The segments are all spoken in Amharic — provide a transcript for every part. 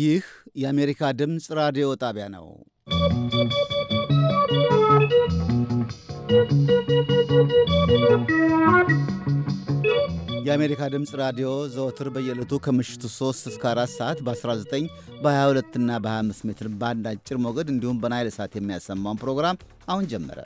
ይህ የአሜሪካ ድምፅ ራዲዮ ጣቢያ ነው። የአሜሪካ ድምፅ ራዲዮ ዘወትር በየዕለቱ ከምሽቱ 3 እስከ 4 ሰዓት በ19 በ22 እና በ25 ሜትር ባንድ አጭር ሞገድ እንዲሁም በናይል ሰዓት የሚያሰማውን ፕሮግራም አሁን ጀመረ።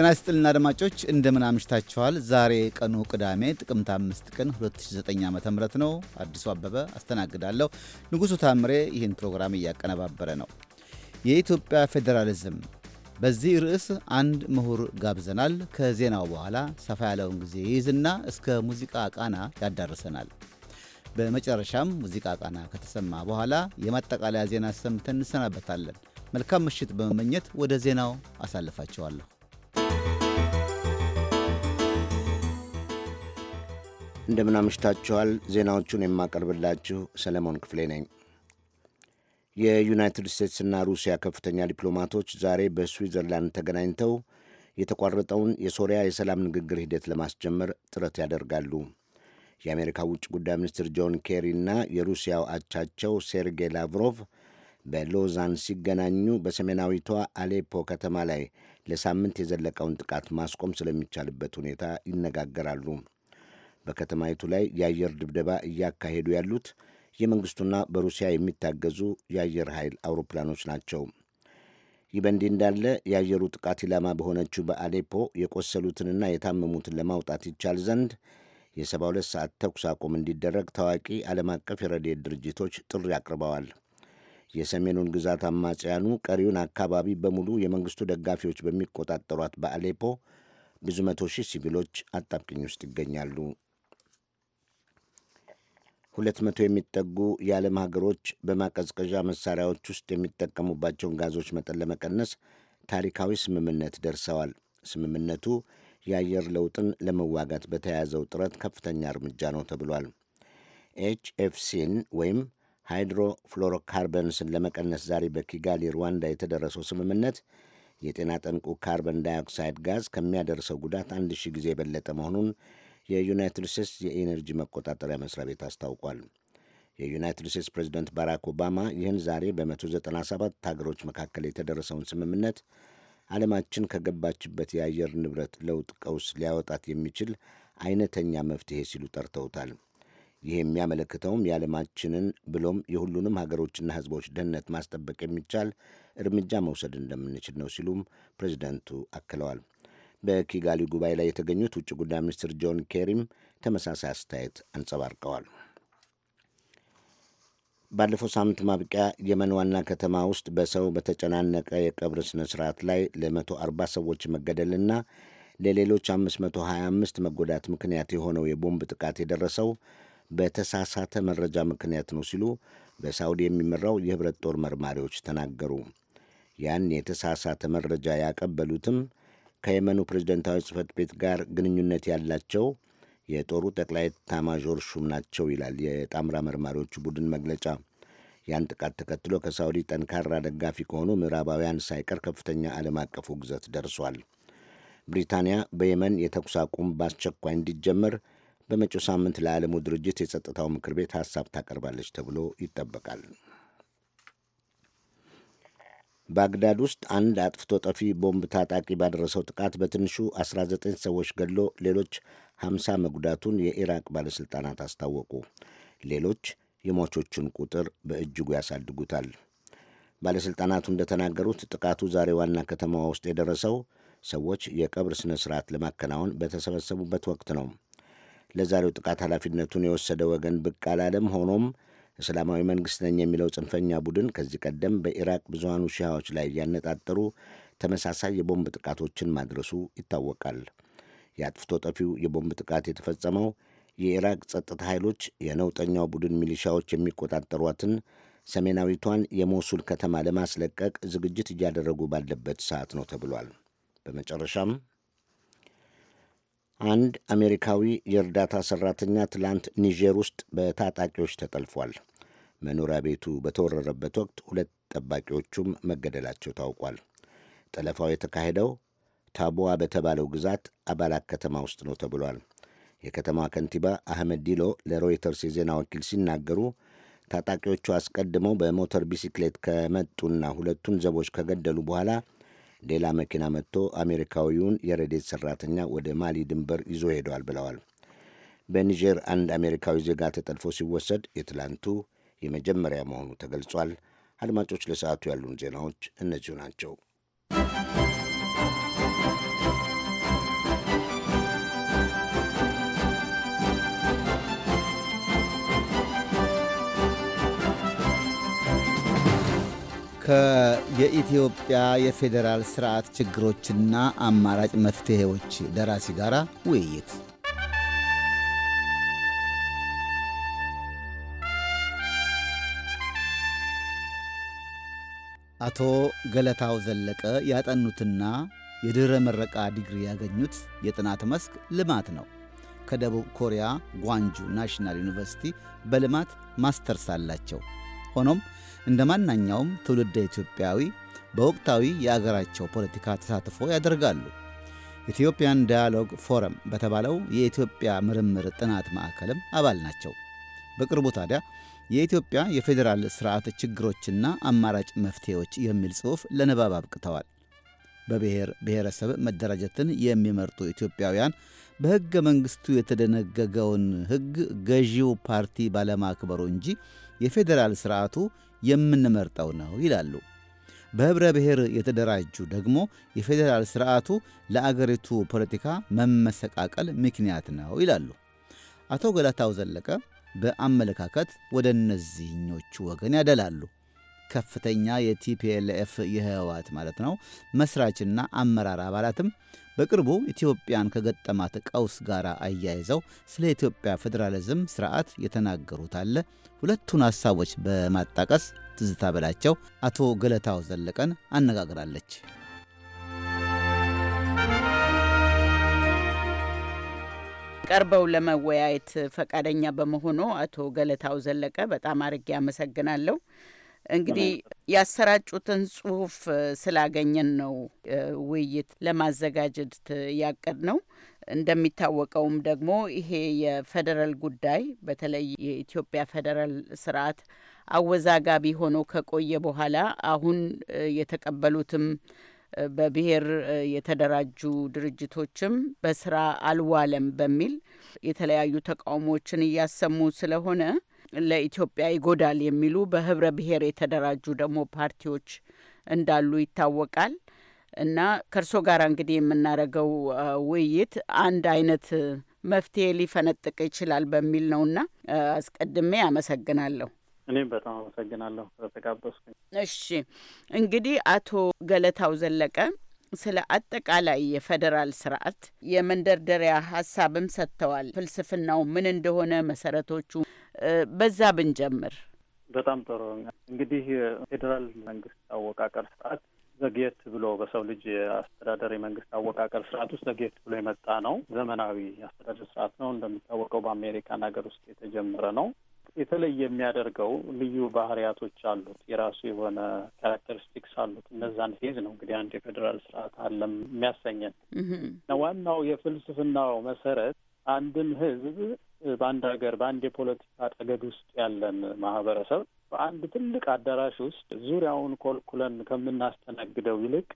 ጤና ይስጥልና አድማጮች እንደምን አምሽታችኋል። ዛሬ ቀኑ ቅዳሜ ጥቅምት 5 ቀን 2009 ዓ ም ነው። አዲሱ አበበ አስተናግዳለሁ። ንጉሡ ታምሬ ይህን ፕሮግራም እያቀነባበረ ነው። የኢትዮጵያ ፌዴራሊዝም በዚህ ርዕስ አንድ ምሁር ጋብዘናል። ከዜናው በኋላ ሰፋ ያለውን ጊዜ ይይዝና እስከ ሙዚቃ ቃና ያዳርሰናል። በመጨረሻም ሙዚቃ ቃና ከተሰማ በኋላ የማጠቃለያ ዜና ሰምተን እንሰናበታለን። መልካም ምሽት በመመኘት ወደ ዜናው አሳልፋቸዋለሁ። እንደምን አምሽታችኋል። ዜናዎቹን የማቀርብላችሁ ሰለሞን ክፍሌ ነኝ። የዩናይትድ ስቴትስና ሩሲያ ከፍተኛ ዲፕሎማቶች ዛሬ በስዊዘርላንድ ተገናኝተው የተቋረጠውን የሶሪያ የሰላም ንግግር ሂደት ለማስጀመር ጥረት ያደርጋሉ። የአሜሪካ ውጭ ጉዳይ ሚኒስትር ጆን ኬሪ እና የሩሲያው አቻቸው ሴርጌይ ላቭሮቭ በሎዛን ሲገናኙ በሰሜናዊቷ አሌፖ ከተማ ላይ ለሳምንት የዘለቀውን ጥቃት ማስቆም ስለሚቻልበት ሁኔታ ይነጋገራሉ። በከተማይቱ ላይ የአየር ድብደባ እያካሄዱ ያሉት የመንግሥቱና በሩሲያ የሚታገዙ የአየር ኃይል አውሮፕላኖች ናቸው። ይህ በእንዲህ እንዳለ የአየሩ ጥቃት ኢላማ በሆነችው በአሌፖ የቆሰሉትንና የታመሙትን ለማውጣት ይቻል ዘንድ የ72 ሰዓት ተኩስ አቁም እንዲደረግ ታዋቂ ዓለም አቀፍ የረድኤት ድርጅቶች ጥሪ አቅርበዋል። የሰሜኑን ግዛት አማጽያኑ ቀሪውን አካባቢ በሙሉ የመንግስቱ ደጋፊዎች በሚቆጣጠሯት በአሌፖ ብዙ መቶ ሺህ ሲቪሎች አጣብቅኝ ውስጥ ይገኛሉ። ሁለት መቶ የሚጠጉ የዓለም ሀገሮች በማቀዝቀዣ መሳሪያዎች ውስጥ የሚጠቀሙባቸውን ጋዞች መጠን ለመቀነስ ታሪካዊ ስምምነት ደርሰዋል። ስምምነቱ የአየር ለውጥን ለመዋጋት በተያያዘው ጥረት ከፍተኛ እርምጃ ነው ተብሏል። ኤችኤፍሲን ወይም ሃይድሮፍሎሮካርበንስን ለመቀነስ ዛሬ በኪጋሊ ሩዋንዳ የተደረሰው ስምምነት የጤና ጠንቁ ካርበን ዳይኦክሳይድ ጋዝ ከሚያደርሰው ጉዳት አንድ ሺህ ጊዜ የበለጠ መሆኑን የዩናይትድ ስቴትስ የኤነርጂ መቆጣጠሪያ መስሪያ ቤት አስታውቋል። የዩናይትድ ስቴትስ ፕሬዚደንት ባራክ ኦባማ ይህን ዛሬ በ197 ሀገሮች መካከል የተደረሰውን ስምምነት ዓለማችን ከገባችበት የአየር ንብረት ለውጥ ቀውስ ሊያወጣት የሚችል አይነተኛ መፍትሄ ሲሉ ጠርተውታል። ይህ የሚያመለክተውም የዓለማችንን ብሎም የሁሉንም ሀገሮችና ህዝቦች ደህንነት ማስጠበቅ የሚቻል እርምጃ መውሰድ እንደምንችል ነው ሲሉም ፕሬዚደንቱ አክለዋል። በኪጋሊ ጉባኤ ላይ የተገኙት ውጭ ጉዳይ ሚኒስትር ጆን ኬሪም ተመሳሳይ አስተያየት አንጸባርቀዋል። ባለፈው ሳምንት ማብቂያ የመን ዋና ከተማ ውስጥ በሰው በተጨናነቀ የቀብር ስነ ስርዓት ላይ ለ140 ሰዎች መገደልና ለሌሎች 525 መጎዳት ምክንያት የሆነው የቦምብ ጥቃት የደረሰው በተሳሳተ መረጃ ምክንያት ነው ሲሉ በሳውዲ የሚመራው የህብረት ጦር መርማሪዎች ተናገሩ። ያን የተሳሳተ መረጃ ያቀበሉትም ከየመኑ ፕሬዝደንታዊ ጽህፈት ቤት ጋር ግንኙነት ያላቸው የጦሩ ጠቅላይ ታማዦር ሹም ናቸው ይላል የጣምራ መርማሪዎቹ ቡድን መግለጫ። ያን ጥቃት ተከትሎ ከሳውዲ ጠንካራ ደጋፊ ከሆኑ ምዕራባውያን ሳይቀር ከፍተኛ ዓለም አቀፍ ውግዘት ደርሷል። ብሪታንያ በየመን የተኩስ አቁም በአስቸኳይ እንዲጀመር በመጪው ሳምንት ለዓለሙ ድርጅት የጸጥታው ምክር ቤት ሐሳብ ታቀርባለች ተብሎ ይጠበቃል። ባግዳድ ውስጥ አንድ አጥፍቶ ጠፊ ቦምብ ታጣቂ ባደረሰው ጥቃት በትንሹ 19 ሰዎች ገድሎ ሌሎች 50 መጉዳቱን የኢራቅ ባለሥልጣናት አስታወቁ። ሌሎች የሟቾቹን ቁጥር በእጅጉ ያሳድጉታል። ባለሥልጣናቱ እንደተናገሩት ጥቃቱ ዛሬ ዋና ከተማዋ ውስጥ የደረሰው ሰዎች የቀብር ሥነ ሥርዓት ለማከናወን በተሰበሰቡበት ወቅት ነው። ለዛሬው ጥቃት ኃላፊነቱን የወሰደ ወገን ብቅ አላለም። ሆኖም እስላማዊ መንግሥት ነኝ የሚለው ጽንፈኛ ቡድን ከዚህ ቀደም በኢራቅ ብዙሃኑ ሺሃዎች ላይ እያነጣጠሩ ተመሳሳይ የቦምብ ጥቃቶችን ማድረሱ ይታወቃል። የአጥፍቶ ጠፊው የቦምብ ጥቃት የተፈጸመው የኢራቅ ጸጥታ ኃይሎች የነውጠኛው ቡድን ሚሊሻዎች የሚቆጣጠሯትን ሰሜናዊቷን የሞሱል ከተማ ለማስለቀቅ ዝግጅት እያደረጉ ባለበት ሰዓት ነው ተብሏል። በመጨረሻም አንድ አሜሪካዊ የእርዳታ ሠራተኛ ትላንት ኒጀር ውስጥ በታጣቂዎች ተጠልፏል። መኖሪያ ቤቱ በተወረረበት ወቅት ሁለት ጠባቂዎቹም መገደላቸው ታውቋል። ጠለፋው የተካሄደው ታቦዋ በተባለው ግዛት አባላት ከተማ ውስጥ ነው ተብሏል። የከተማዋ ከንቲባ አህመድ ዲሎ ለሮይተርስ የዜና ወኪል ሲናገሩ ታጣቂዎቹ አስቀድመው በሞተር ቢሲክሌት ከመጡና ሁለቱን ዘቦች ከገደሉ በኋላ ሌላ መኪና መጥቶ አሜሪካዊውን የረዴት ሰራተኛ ወደ ማሊ ድንበር ይዞ ሄደዋል ብለዋል። በኒጀር አንድ አሜሪካዊ ዜጋ ተጠልፎ ሲወሰድ የትላንቱ የመጀመሪያ መሆኑ ተገልጿል። አድማጮች፣ ለሰዓቱ ያሉን ዜናዎች እነዚሁ ናቸው። ከየኢትዮጵያ የፌዴራል ስርዓት ችግሮችና አማራጭ መፍትሄዎች ደራሲ ጋር ውይይት አቶ ገለታው ዘለቀ ያጠኑትና የድኅረ ምረቃ ዲግሪ ያገኙት የጥናት መስክ ልማት ነው። ከደቡብ ኮሪያ ጓንጁ ናሽናል ዩኒቨርሲቲ በልማት ማስተርስ አላቸው። ሆኖም እንደ ማናኛውም ትውልደ ኢትዮጵያዊ በወቅታዊ የአገራቸው ፖለቲካ ተሳትፎ ያደርጋሉ። ኢትዮጵያን ዳያሎግ ፎረም በተባለው የኢትዮጵያ ምርምር ጥናት ማዕከልም አባል ናቸው። በቅርቡ ታዲያ የኢትዮጵያ የፌዴራል ስርዓት ችግሮችና አማራጭ መፍትሄዎች የሚል ጽሑፍ ለንባብ አብቅተዋል። በብሔር ብሔረሰብ መደራጀትን የሚመርጡ ኢትዮጵያውያን በሕገ መንግሥቱ የተደነገገውን ሕግ ገዢው ፓርቲ ባለማክበሩ እንጂ የፌዴራል ስርዓቱ የምንመርጠው ነው ይላሉ። በኅብረ ብሔር የተደራጁ ደግሞ የፌዴራል ሥርዓቱ ለአገሪቱ ፖለቲካ መመሰቃቀል ምክንያት ነው ይላሉ። አቶ ገላታው ዘለቀ በአመለካከት ወደ እነዚህኞቹ ወገን ያደላሉ። ከፍተኛ የቲፒኤልኤፍ የህወሓት ማለት ነው መስራችና አመራር አባላትም በቅርቡ ኢትዮጵያን ከገጠማት ቀውስ ጋር አያይዘው ስለ ኢትዮጵያ ፌዴራሊዝም ስርዓት የተናገሩት አለ። ሁለቱን ሐሳቦች በማጣቀስ ትዝታ በላቸው አቶ ገለታው ዘለቀን አነጋግራለች። ቀርበው ለመወያየት ፈቃደኛ በመሆኑ አቶ ገለታው ዘለቀ በጣም አርጌ አመሰግናለሁ። እንግዲህ ያሰራጩትን ጽሁፍ ስላገኘን ነው ውይይት ለማዘጋጀት ያቀድ ነው። እንደሚታወቀውም ደግሞ ይሄ የፌዴራል ጉዳይ በተለይ የኢትዮጵያ ፌዴራል ስርዓት አወዛጋቢ ሆኖ ከቆየ በኋላ አሁን የተቀበሉትም በብሔር የተደራጁ ድርጅቶችም በስራ አልዋለም በሚል የተለያዩ ተቃውሞዎችን እያሰሙ ስለሆነ ለኢትዮጵያ ይጎዳል የሚሉ በህብረ ብሔር የተደራጁ ደግሞ ፓርቲዎች እንዳሉ ይታወቃል። እና ከእርሶ ጋር እንግዲህ የምናደርገው ውይይት አንድ አይነት መፍትሄ ሊፈነጥቅ ይችላል በሚል ነውና አስቀድሜ አመሰግናለሁ። እኔም በጣም አመሰግናለሁ ስለተጋበዝኩኝ። እሺ እንግዲህ አቶ ገለታው ዘለቀ ስለ አጠቃላይ የፌዴራል ስርዓት የመንደርደሪያ ሀሳብም ሰጥተዋል። ፍልስፍናው ምን እንደሆነ መሰረቶቹ በዛ ብንጀምር በጣም ጥሩ። እንግዲህ ፌዴራል መንግስት አወቃቀር ስርዓት ዘግየት ብሎ በሰው ልጅ አስተዳደር የመንግስት አወቃቀር ስርዓት ውስጥ ዘግየት ብሎ የመጣ ነው። ዘመናዊ አስተዳደር ስርዓት ነው። እንደሚታወቀው በአሜሪካን ሀገር ውስጥ የተጀመረ ነው። የተለየ የሚያደርገው ልዩ ባህሪያቶች አሉት። የራሱ የሆነ ካራክተሪስቲክስ አሉት። እነዛን ፌዝ ነው እንግዲህ አንድ የፌዴራል ስርዓት አለም የሚያሰኘን። ዋናው የፍልስፍናው መሰረት አንድን ህዝብ በአንድ ሀገር በአንድ የፖለቲካ አጠገድ ውስጥ ያለን ማህበረሰብ በአንድ ትልቅ አዳራሽ ውስጥ ዙሪያውን ኮልኩለን ከምናስተናግደው ይልቅ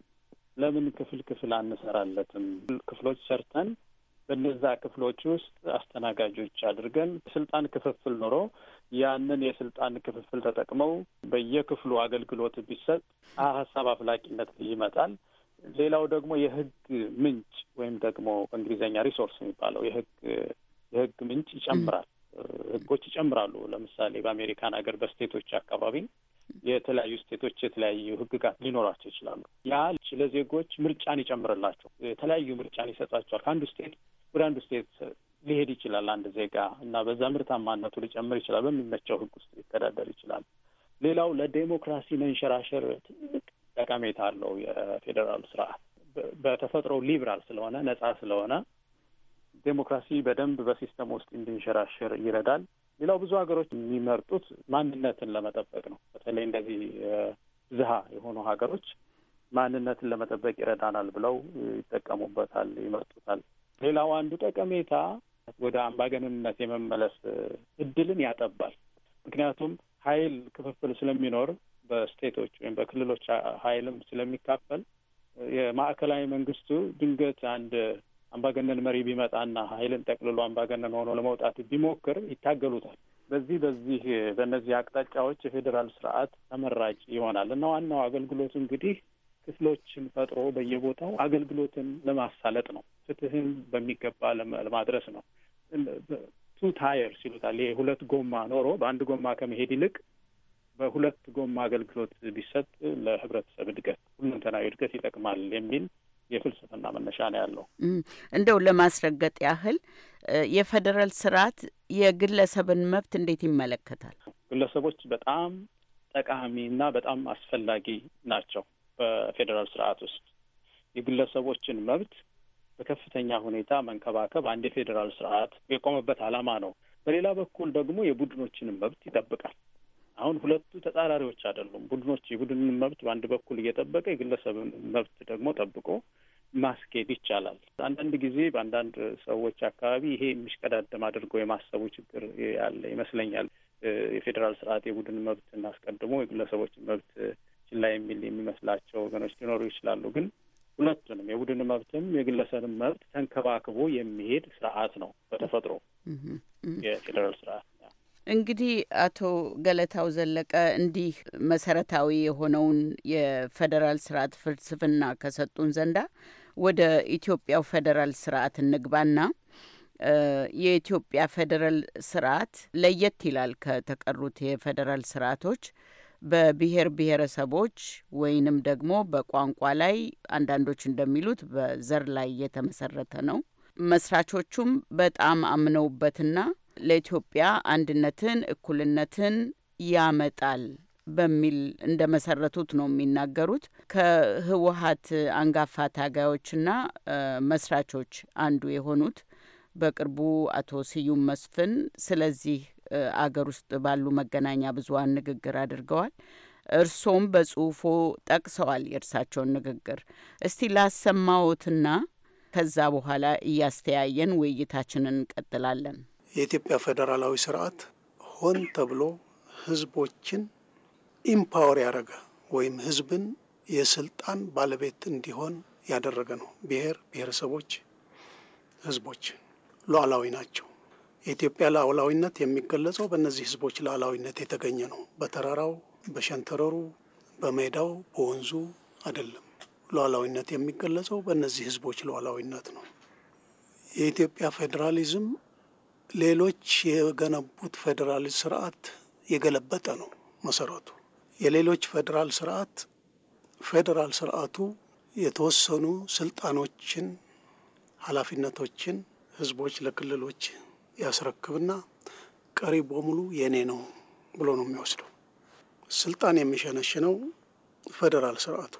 ለምን ክፍል ክፍል አንሰራለትም? ክፍሎች ሰርተን በነዛ ክፍሎች ውስጥ አስተናጋጆች አድርገን ስልጣን ክፍፍል ኖሮ ያንን የስልጣን ክፍፍል ተጠቅመው በየክፍሉ አገልግሎት ቢሰጥ ሀሳብ አፍላቂነት ይመጣል። ሌላው ደግሞ የህግ ምንጭ ወይም ደግሞ በእንግሊዝኛ ሪሶርስ የሚባለው የህግ የህግ ምንጭ ይጨምራል። ህጎች ይጨምራሉ። ለምሳሌ በአሜሪካን ሀገር በስቴቶች አካባቢ የተለያዩ ስቴቶች የተለያዩ ህግጋት ሊኖራቸው ይችላሉ። ያ ለዜጎች ምርጫን ይጨምርላቸው፣ የተለያዩ ምርጫን ይሰጣቸዋል። ከአንዱ ስቴት ወደ አንዱ ስቴት ሊሄድ ይችላል አንድ ዜጋ እና በዛ ምርታማነቱ ሊጨምር ይችላል። በሚመቸው ህግ ውስጥ ሊተዳደር ይችላል። ሌላው ለዴሞክራሲ መንሸራሸር ትልቅ ጠቀሜታ አለው። የፌዴራሉ ስርዓት በተፈጥሮ ሊብራል ስለሆነ ነጻ ስለሆነ ዴሞክራሲ በደንብ በሲስተም ውስጥ እንዲንሸራሸር ይረዳል። ሌላው ብዙ ሀገሮች የሚመርጡት ማንነትን ለመጠበቅ ነው። በተለይ እንደዚህ ብዝሃ የሆኑ ሀገሮች ማንነትን ለመጠበቅ ይረዳናል ብለው ይጠቀሙበታል፣ ይመርጡታል። ሌላው አንዱ ጠቀሜታ ወደ አምባገንነት የመመለስ እድልን ያጠባል። ምክንያቱም ኃይል ክፍፍል ስለሚኖር በስቴቶች ወይም በክልሎች ኃይልም ስለሚካፈል የማዕከላዊ መንግስቱ ድንገት አንድ አምባገነን መሪ ቢመጣና ኃይልን ጠቅልሎ አምባገነን ሆኖ ለመውጣት ቢሞክር ይታገሉታል። በዚህ በዚህ በእነዚህ አቅጣጫዎች የፌዴራል ስርዓት ተመራጭ ይሆናል እና ዋናው አገልግሎት እንግዲህ ክፍሎችን ፈጥሮ በየቦታው አገልግሎትን ለማሳለጥ ነው። ፍትህን በሚገባ ለማድረስ ነው። ቱ ታየር ይሉታል። ይሄ ሁለት ጎማ ኖሮ በአንድ ጎማ ከመሄድ ይልቅ በሁለት ጎማ አገልግሎት ቢሰጥ ለህብረተሰብ እድገት፣ ሁለንተናዊ እድገት ይጠቅማል የሚል የፍልስፍና መነሻ ነው ያለው። እንደው ለማስረገጥ ያህል የፌዴራል ስርዓት የግለሰብን መብት እንዴት ይመለከታል? ግለሰቦች በጣም ጠቃሚና በጣም አስፈላጊ ናቸው። በፌዴራል ስርዓት ውስጥ የግለሰቦችን መብት በከፍተኛ ሁኔታ መንከባከብ አንድ የፌዴራል ስርዓት የቆመበት ዓላማ ነው። በሌላ በኩል ደግሞ የቡድኖችንም መብት ይጠብቃል። አሁን ሁለቱ ተጻራሪዎች አይደሉም። ቡድኖች የቡድንን መብት በአንድ በኩል እየጠበቀ የግለሰብን መብት ደግሞ ጠብቆ ማስኬድ ይቻላል። አንዳንድ ጊዜ በአንዳንድ ሰዎች አካባቢ ይሄ የሚሽቀዳደም አድርጎ የማሰቡ ችግር ያለ ይመስለኛል። የፌዴራል ስርዓት የቡድን መብትን አስቀድሞ የግለሰቦችን መብት ችላ የሚል የሚመስላቸው ወገኖች ሊኖሩ ይችላሉ። ግን ሁለቱንም የቡድን መብትም የግለሰብን መብት ተንከባክቦ የሚሄድ ስርዓት ነው በተፈጥሮ የፌዴራል ስርዓት። እንግዲህ አቶ ገለታው ዘለቀ እንዲህ መሰረታዊ የሆነውን የፌዴራል ስርዓት ፍልስፍና ከሰጡን ዘንዳ ወደ ኢትዮጵያው ፌዴራል ስርዓት እንግባና የኢትዮጵያ ፌዴራል ስርዓት ለየት ይላል ከተቀሩት የፌዴራል ስርዓቶች በብሔር ብሔረሰቦች ወይንም ደግሞ በቋንቋ ላይ አንዳንዶች እንደሚሉት በዘር ላይ የተመሰረተ ነው። መስራቾቹም በጣም አምነውበትና ለኢትዮጵያ አንድነትን፣ እኩልነትን ያመጣል በሚል እንደመሰረቱት ነው የሚናገሩት። ከህወሀት አንጋፋ ታጋዮችና መስራቾች አንዱ የሆኑት በቅርቡ አቶ ስዩም መስፍን ስለዚህ አገር ውስጥ ባሉ መገናኛ ብዙሀን ንግግር አድርገዋል። እርሶም በጽሁፎ ጠቅሰዋል የእርሳቸውን ንግግር። እስቲ ላሰማዎትና ከዛ በኋላ እያስተያየን ውይይታችንን እንቀጥላለን። የኢትዮጵያ ፌዴራላዊ ስርዓት ሆን ተብሎ ህዝቦችን ኢምፓወር ያደረገ ወይም ህዝብን የስልጣን ባለቤት እንዲሆን ያደረገ ነው። ብሔር ብሔረሰቦች፣ ህዝቦች ሉዓላዊ ናቸው። የኢትዮጵያ ሉዓላዊነት የሚገለጸው በእነዚህ ህዝቦች ሉዓላዊነት የተገኘ ነው። በተራራው፣ በሸንተረሩ፣ በሜዳው፣ በወንዙ አይደለም። ሉዓላዊነት የሚገለጸው በእነዚህ ህዝቦች ሉዓላዊነት ነው። የኢትዮጵያ ፌዴራሊዝም ሌሎች የገነቡት ፌዴራሊስት ስርዓት የገለበጠ ነው መሰረቱ የሌሎች ፌዴራል ስርዓት ፌዴራል ስርዓቱ የተወሰኑ ስልጣኖችን፣ ኃላፊነቶችን ህዝቦች ለክልሎች ያስረክብና ቀሪ በሙሉ የእኔ ነው ብሎ ነው የሚወስደው። ስልጣን የሚሸነሽነው ፌዴራል ስርዓቱ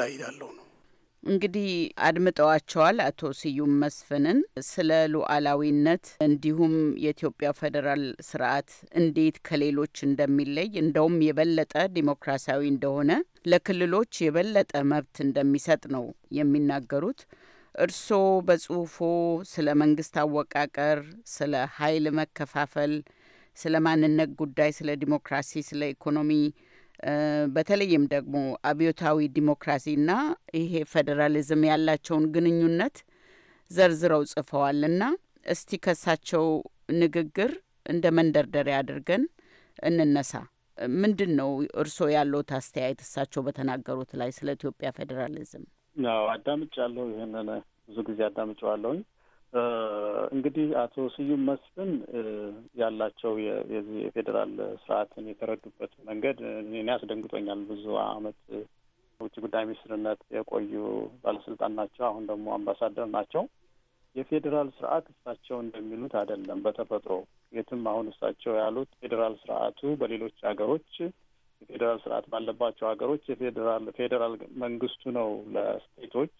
ላይ ያለው ነው። እንግዲህ አድምጠዋቸዋል አቶ ስዩም መስፍንን ስለ ሉዓላዊነት እንዲሁም የኢትዮጵያ ፌዴራል ስርዓት እንዴት ከሌሎች እንደሚለይ እንደውም የበለጠ ዲሞክራሲያዊ እንደሆነ ለክልሎች የበለጠ መብት እንደሚሰጥ ነው የሚናገሩት። እርስዎ በጽሁፎ ስለ መንግስት አወቃቀር፣ ስለ ኃይል መከፋፈል፣ ስለ ማንነት ጉዳይ፣ ስለ ዲሞክራሲ፣ ስለ ኢኮኖሚ በተለይም ደግሞ አብዮታዊ ዲሞክራሲና ይሄ ፌዴራሊዝም ያላቸውን ግንኙነት ዘርዝረው ጽፈዋልና እስቲ ከሳቸው ንግግር እንደ መንደርደሪያ አድርገን እንነሳ። ምንድን ነው እርስዎ ያለዎት አስተያየት እሳቸው በተናገሩት ላይ ስለ ኢትዮጵያ ፌዴራሊዝም? አዎ አዳምጫለሁ። ይህንን ብዙ ጊዜ አዳምጨዋለሁኝ። እንግዲህ አቶ ስዩም መስፍን ያላቸው የዚህ የፌዴራል ስርዓትን የተረዱበት መንገድ እኔ ያስደንግጦኛል። ብዙ አመት ውጭ ጉዳይ ሚኒስትርነት የቆዩ ባለስልጣን ናቸው። አሁን ደግሞ አምባሳደር ናቸው። የፌዴራል ስርዓት እሳቸው እንደሚሉት አይደለም በተፈጥሮ የትም። አሁን እሳቸው ያሉት ፌዴራል ስርዓቱ በሌሎች ሀገሮች የፌዴራል ስርዓት ባለባቸው ሀገሮች የፌዴራል ፌዴራል መንግስቱ ነው ለስቴቶች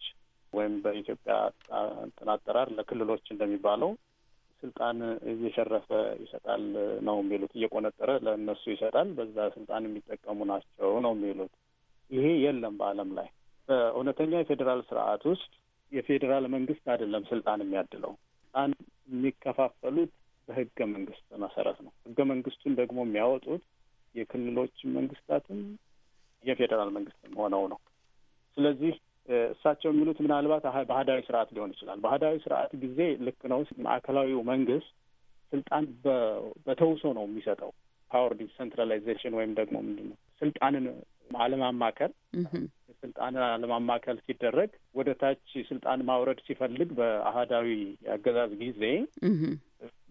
ወይም በኢትዮጵያ አጠራር ለክልሎች እንደሚባለው ስልጣን እየሸረፈ ይሰጣል ነው የሚሉት። እየቆነጠረ ለእነሱ ይሰጣል፣ በዛ ስልጣን የሚጠቀሙ ናቸው ነው የሚሉት። ይሄ የለም በዓለም ላይ በእውነተኛ የፌዴራል ስርዓት ውስጥ የፌዴራል መንግስት አይደለም ስልጣን የሚያድለው። ስልጣን የሚከፋፈሉት በህገ መንግስት መሰረት ነው። ህገ መንግስቱን ደግሞ የሚያወጡት የክልሎች መንግስታትም የፌዴራል መንግስትም ሆነው ነው። ስለዚህ እሳቸው የሚሉት ምናልባት ባህዳዊ ስርዓት ሊሆን ይችላል። ባህዳዊ ስርዓት ጊዜ ልክ ነው። ማዕከላዊው መንግስት ስልጣን በተውሶ ነው የሚሰጠው። ፓወር ዲሴንትራላይዜሽን ወይም ደግሞ ምንድን ነው ስልጣንን አለማማከል ስልጣንን አለማማከል ሲደረግ ወደ ታች ስልጣን ማውረድ ሲፈልግ በአህዳዊ አገዛዝ ጊዜ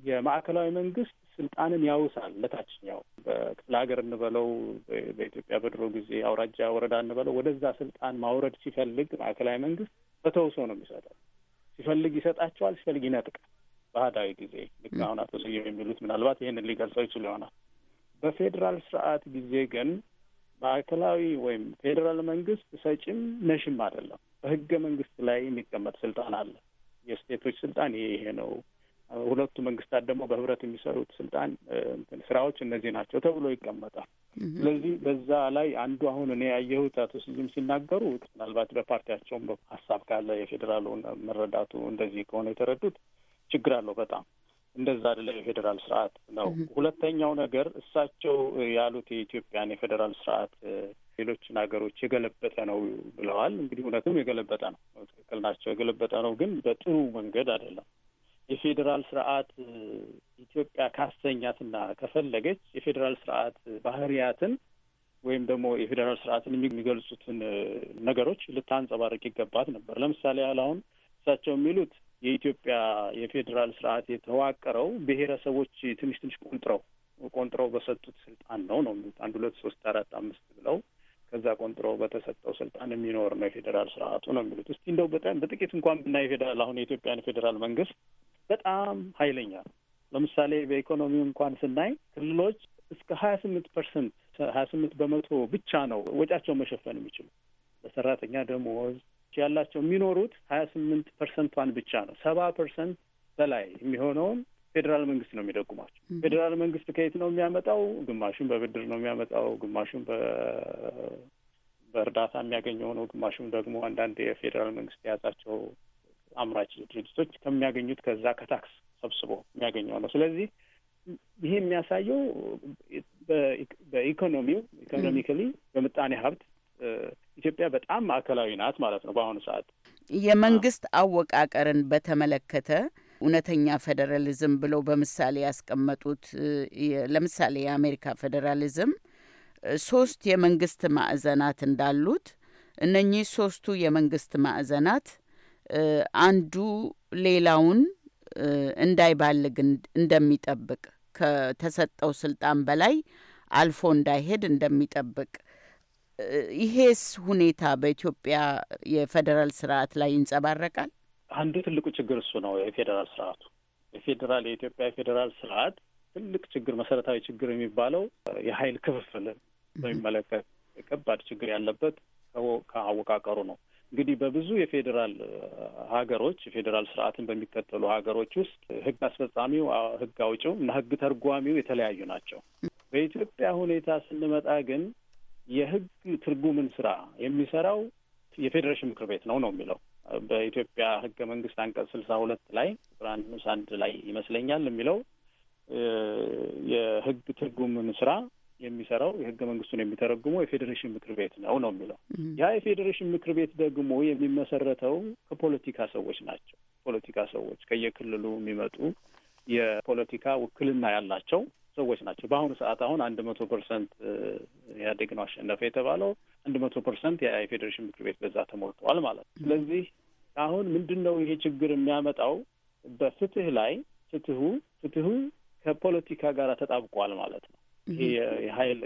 የማዕከላዊ መንግስት ስልጣንን ያውሳል ለታችኛው በክፍለ ሀገር እንበለው በኢትዮጵያ በድሮ ጊዜ አውራጃ፣ ወረዳ እንበለው ወደዛ ስልጣን ማውረድ ሲፈልግ ማዕከላዊ መንግስት በተውሶ ነው የሚሰጠው። ሲፈልግ ይሰጣቸዋል፣ ሲፈልግ ይነጥቃል። ባህዳዊ ጊዜ ልክ አሁን አቶ ስዩም የሚሉት ምናልባት ይህንን ሊገልጸው ይችሉ ይሆናል። በፌዴራል ስርዓት ጊዜ ግን ማዕከላዊ ወይም ፌዴራል መንግስት ሰጭም ነሽም አይደለም። በህገ መንግስት ላይ የሚቀመጥ ስልጣን አለ። የስቴቶች ስልጣን ይሄ ነው ሁለቱ መንግስታት ደግሞ በህብረት የሚሰሩት ስልጣን ስራዎች እነዚህ ናቸው ተብሎ ይቀመጣል። ስለዚህ በዛ ላይ አንዱ አሁን እኔ ያየሁት አቶ ስዩም ሲናገሩ ምናልባት በፓርቲያቸውም ሀሳብ ካለ የፌዴራሉ መረዳቱ እንደዚህ ከሆነ የተረዱት ችግር አለው በጣም እንደዛ አይደለም የፌዴራል ስርዓት ነው። ሁለተኛው ነገር እሳቸው ያሉት የኢትዮጵያን የፌዴራል ስርዓት ሌሎችን ሀገሮች የገለበጠ ነው ብለዋል። እንግዲህ እውነትም የገለበጠ ነው፣ ትክክል ናቸው። የገለበጠ ነው ግን በጥሩ መንገድ አይደለም። የፌዴራል ስርዓት ኢትዮጵያ ካሰኛትና ከፈለገች የፌዴራል ስርዓት ባህሪያትን ወይም ደግሞ የፌዴራል ስርዓትን የሚገልጹትን ነገሮች ልታንጸባርቅ ይገባት ነበር። ለምሳሌ ያህል አሁን እሳቸው የሚሉት የኢትዮጵያ የፌዴራል ስርዓት የተዋቀረው ብሔረሰቦች ትንሽ ትንሽ ቆንጥረው ቆንጥረው በሰጡት ስልጣን ነው ነው የሚሉት አንድ ሁለት ሶስት አራት አምስት ብለው ከዛ ቆንጥሮ በተሰጠው ስልጣን የሚኖር ነው የፌዴራል ስርዓቱ ነው የሚሉት። እስቲ እንደው በጣም በጥቂት እንኳን ብና የፌዴራል አሁን የኢትዮጵያን ፌዴራል መንግስት በጣም ኃይለኛ ነው። ለምሳሌ በኢኮኖሚ እንኳን ስናይ ክልሎች እስከ ሀያ ስምንት ፐርሰንት ሀያ ስምንት በመቶ ብቻ ነው ወጫቸው መሸፈን የሚችሉ በሰራተኛ ደሞዝ ያላቸው የሚኖሩት ሀያ ስምንት ፐርሰንቷን ብቻ ነው። ሰባ ፐርሰንት በላይ የሚሆነውን ፌዴራል መንግስት ነው የሚደጉማቸው። ፌዴራል መንግስት ከየት ነው የሚያመጣው? ግማሹን በብድር ነው የሚያመጣው፣ ግማሹን በእርዳታ የሚያገኘው ነው፣ ግማሹም ደግሞ አንዳንድ የፌዴራል መንግስት የያዛቸው አምራች ድርጅቶች ከሚያገኙት ከዛ ከታክስ ሰብስቦ የሚያገኘው ነው። ስለዚህ ይሄ የሚያሳየው በኢኮኖሚው ኢኮኖሚካሊ በምጣኔ ሀብት ኢትዮጵያ በጣም ማዕከላዊ ናት ማለት ነው። በአሁኑ ሰዓት የመንግስት አወቃቀርን በተመለከተ እውነተኛ ፌዴራሊዝም ብለው በምሳሌ ያስቀመጡት ለምሳሌ የአሜሪካ ፌዴራሊዝም ሶስት የመንግስት ማዕዘናት እንዳሉት እነኚህ ሶስቱ የመንግስት ማዕዘናት አንዱ ሌላውን እንዳይባልግ እንደሚጠብቅ ከተሰጠው ስልጣን በላይ አልፎ እንዳይሄድ እንደሚጠብቅ ይሄስ ሁኔታ በኢትዮጵያ የፌዴራል ስርዓት ላይ ይንጸባረቃል። አንዱ ትልቁ ችግር እሱ ነው። የፌዴራል ስርዓቱ የፌዴራል የኢትዮጵያ የፌዴራል ስርዓት ትልቅ ችግር መሰረታዊ ችግር የሚባለው የኃይል ክፍፍልን በሚመለከት ከባድ ችግር ያለበት ከአወቃቀሩ ነው። እንግዲህ በብዙ የፌዴራል ሀገሮች የፌዴራል ስርዓትን በሚከተሉ ሀገሮች ውስጥ ህግ አስፈጻሚው፣ ህግ አውጪው እና ህግ ተርጓሚው የተለያዩ ናቸው። በኢትዮጵያ ሁኔታ ስንመጣ ግን የህግ ትርጉምን ስራ የሚሰራው የፌዴሬሽን ምክር ቤት ነው ነው የሚለው በኢትዮጵያ ህገ መንግስት አንቀጽ ስልሳ ሁለት ላይ ቁጥር አንድ ንዑስ አንድ ላይ ይመስለኛል የሚለው የህግ ትርጉምን ስራ የሚሰራው የህገ መንግስቱን የሚተረጉመው የፌዴሬሽን ምክር ቤት ነው ነው የሚለው። ያ የፌዴሬሽን ምክር ቤት ደግሞ የሚመሰረተው ከፖለቲካ ሰዎች ናቸው። ፖለቲካ ሰዎች ከየክልሉ የሚመጡ የፖለቲካ ውክልና ያላቸው ሰዎች ናቸው። በአሁኑ ሰዓት አሁን አንድ መቶ ፐርሰንት ኢህአዴግ ነው አሸነፈ የተባለው አንድ መቶ ፐርሰንት የፌዴሬሽን ምክር ቤት በዛ ተሞልተዋል ማለት ነው። ስለዚህ አሁን ምንድን ነው ይሄ ችግር የሚያመጣው? በፍትህ ላይ ፍትሁ ፍትሁ ከፖለቲካ ጋር ተጣብቋል ማለት ነው።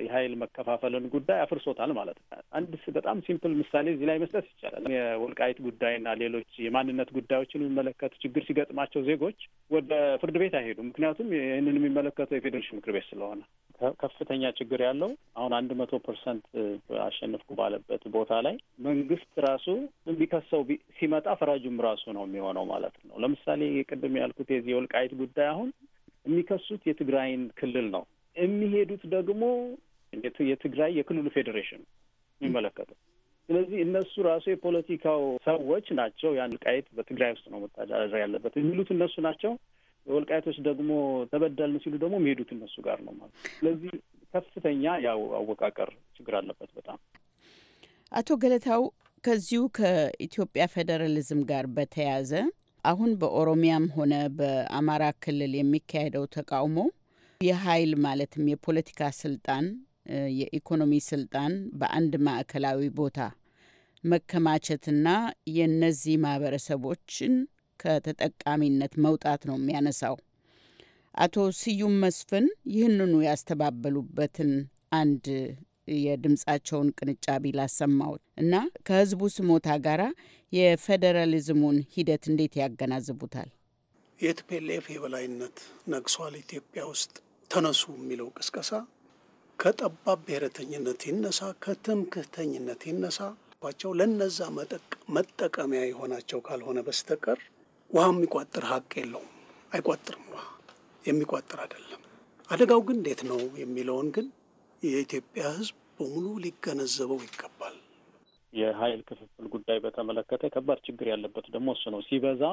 የሀይል መከፋፈልን ጉዳይ አፍርሶታል ማለት ነው። አንድ በጣም ሲምፕል ምሳሌ እዚህ ላይ መስጠት ይቻላል። የወልቃይት ጉዳይና ሌሎች የማንነት ጉዳዮችን የሚመለከቱ ችግር ሲገጥማቸው ዜጎች ወደ ፍርድ ቤት አይሄዱም። ምክንያቱም ይህንን የሚመለከተው የፌዴሬሽን ምክር ቤት ስለሆነ ከፍተኛ ችግር ያለው አሁን አንድ መቶ ፐርሰንት አሸንፍኩ ባለበት ቦታ ላይ መንግስት ራሱ ቢከሰው ሲመጣ ፈራጁም ራሱ ነው የሚሆነው ማለት ነው። ለምሳሌ ቅድም ያልኩት የዚህ የወልቃይት ጉዳይ አሁን የሚከሱት የትግራይን ክልል ነው የሚሄዱት ደግሞ የትግራይ የክልሉ ፌዴሬሽን የሚመለከተው። ስለዚህ እነሱ ራሱ የፖለቲካው ሰዎች ናቸው። ያን ልቃየት በትግራይ ውስጥ ነው መተዳደር ያለበት የሚሉት እነሱ ናቸው። የወልቃይቶች ደግሞ ተበደልን ሲሉ ደግሞ የሚሄዱት እነሱ ጋር ነው ማለት። ስለዚህ ከፍተኛ ያው አወቃቀር ችግር አለበት በጣም አቶ ገለታው ከዚሁ ከኢትዮጵያ ፌዴራሊዝም ጋር በተያያዘ አሁን በኦሮሚያም ሆነ በአማራ ክልል የሚካሄደው ተቃውሞ የኃይል ማለትም የፖለቲካ ስልጣን፣ የኢኮኖሚ ስልጣን በአንድ ማዕከላዊ ቦታ መከማቸትና የነዚህ ማህበረሰቦችን ከተጠቃሚነት መውጣት ነው የሚያነሳው። አቶ ስዩም መስፍን ይህንኑ ያስተባበሉበትን አንድ የድምፃቸውን ቅንጫቢ ላሰማው እና ከህዝቡ ስሞታ ጋራ የፌዴራሊዝሙን ሂደት እንዴት ያገናዝቡታል? የቲፒኤልኤፍ የበላይነት ነግሷል ኢትዮጵያ ውስጥ ተነሱ የሚለው ቅስቀሳ ከጠባብ ብሔረተኝነት ይነሳ፣ ከትምክህተኝነት ይነሳ ቸው ለነዛ መጠቀሚያ የሆናቸው ካልሆነ በስተቀር ውሃ የሚቋጥር ሀቅ የለውም። አይቋጥርም። ውሃ የሚቋጥር አይደለም። አደጋው ግን እንዴት ነው የሚለውን ግን የኢትዮጵያ ሕዝብ በሙሉ ሊገነዘበው ይገባል። የኃይል ክፍፍል ጉዳይ በተመለከተ ከባድ ችግር ያለበት ደግሞ እሱ ነው። ሲበዛ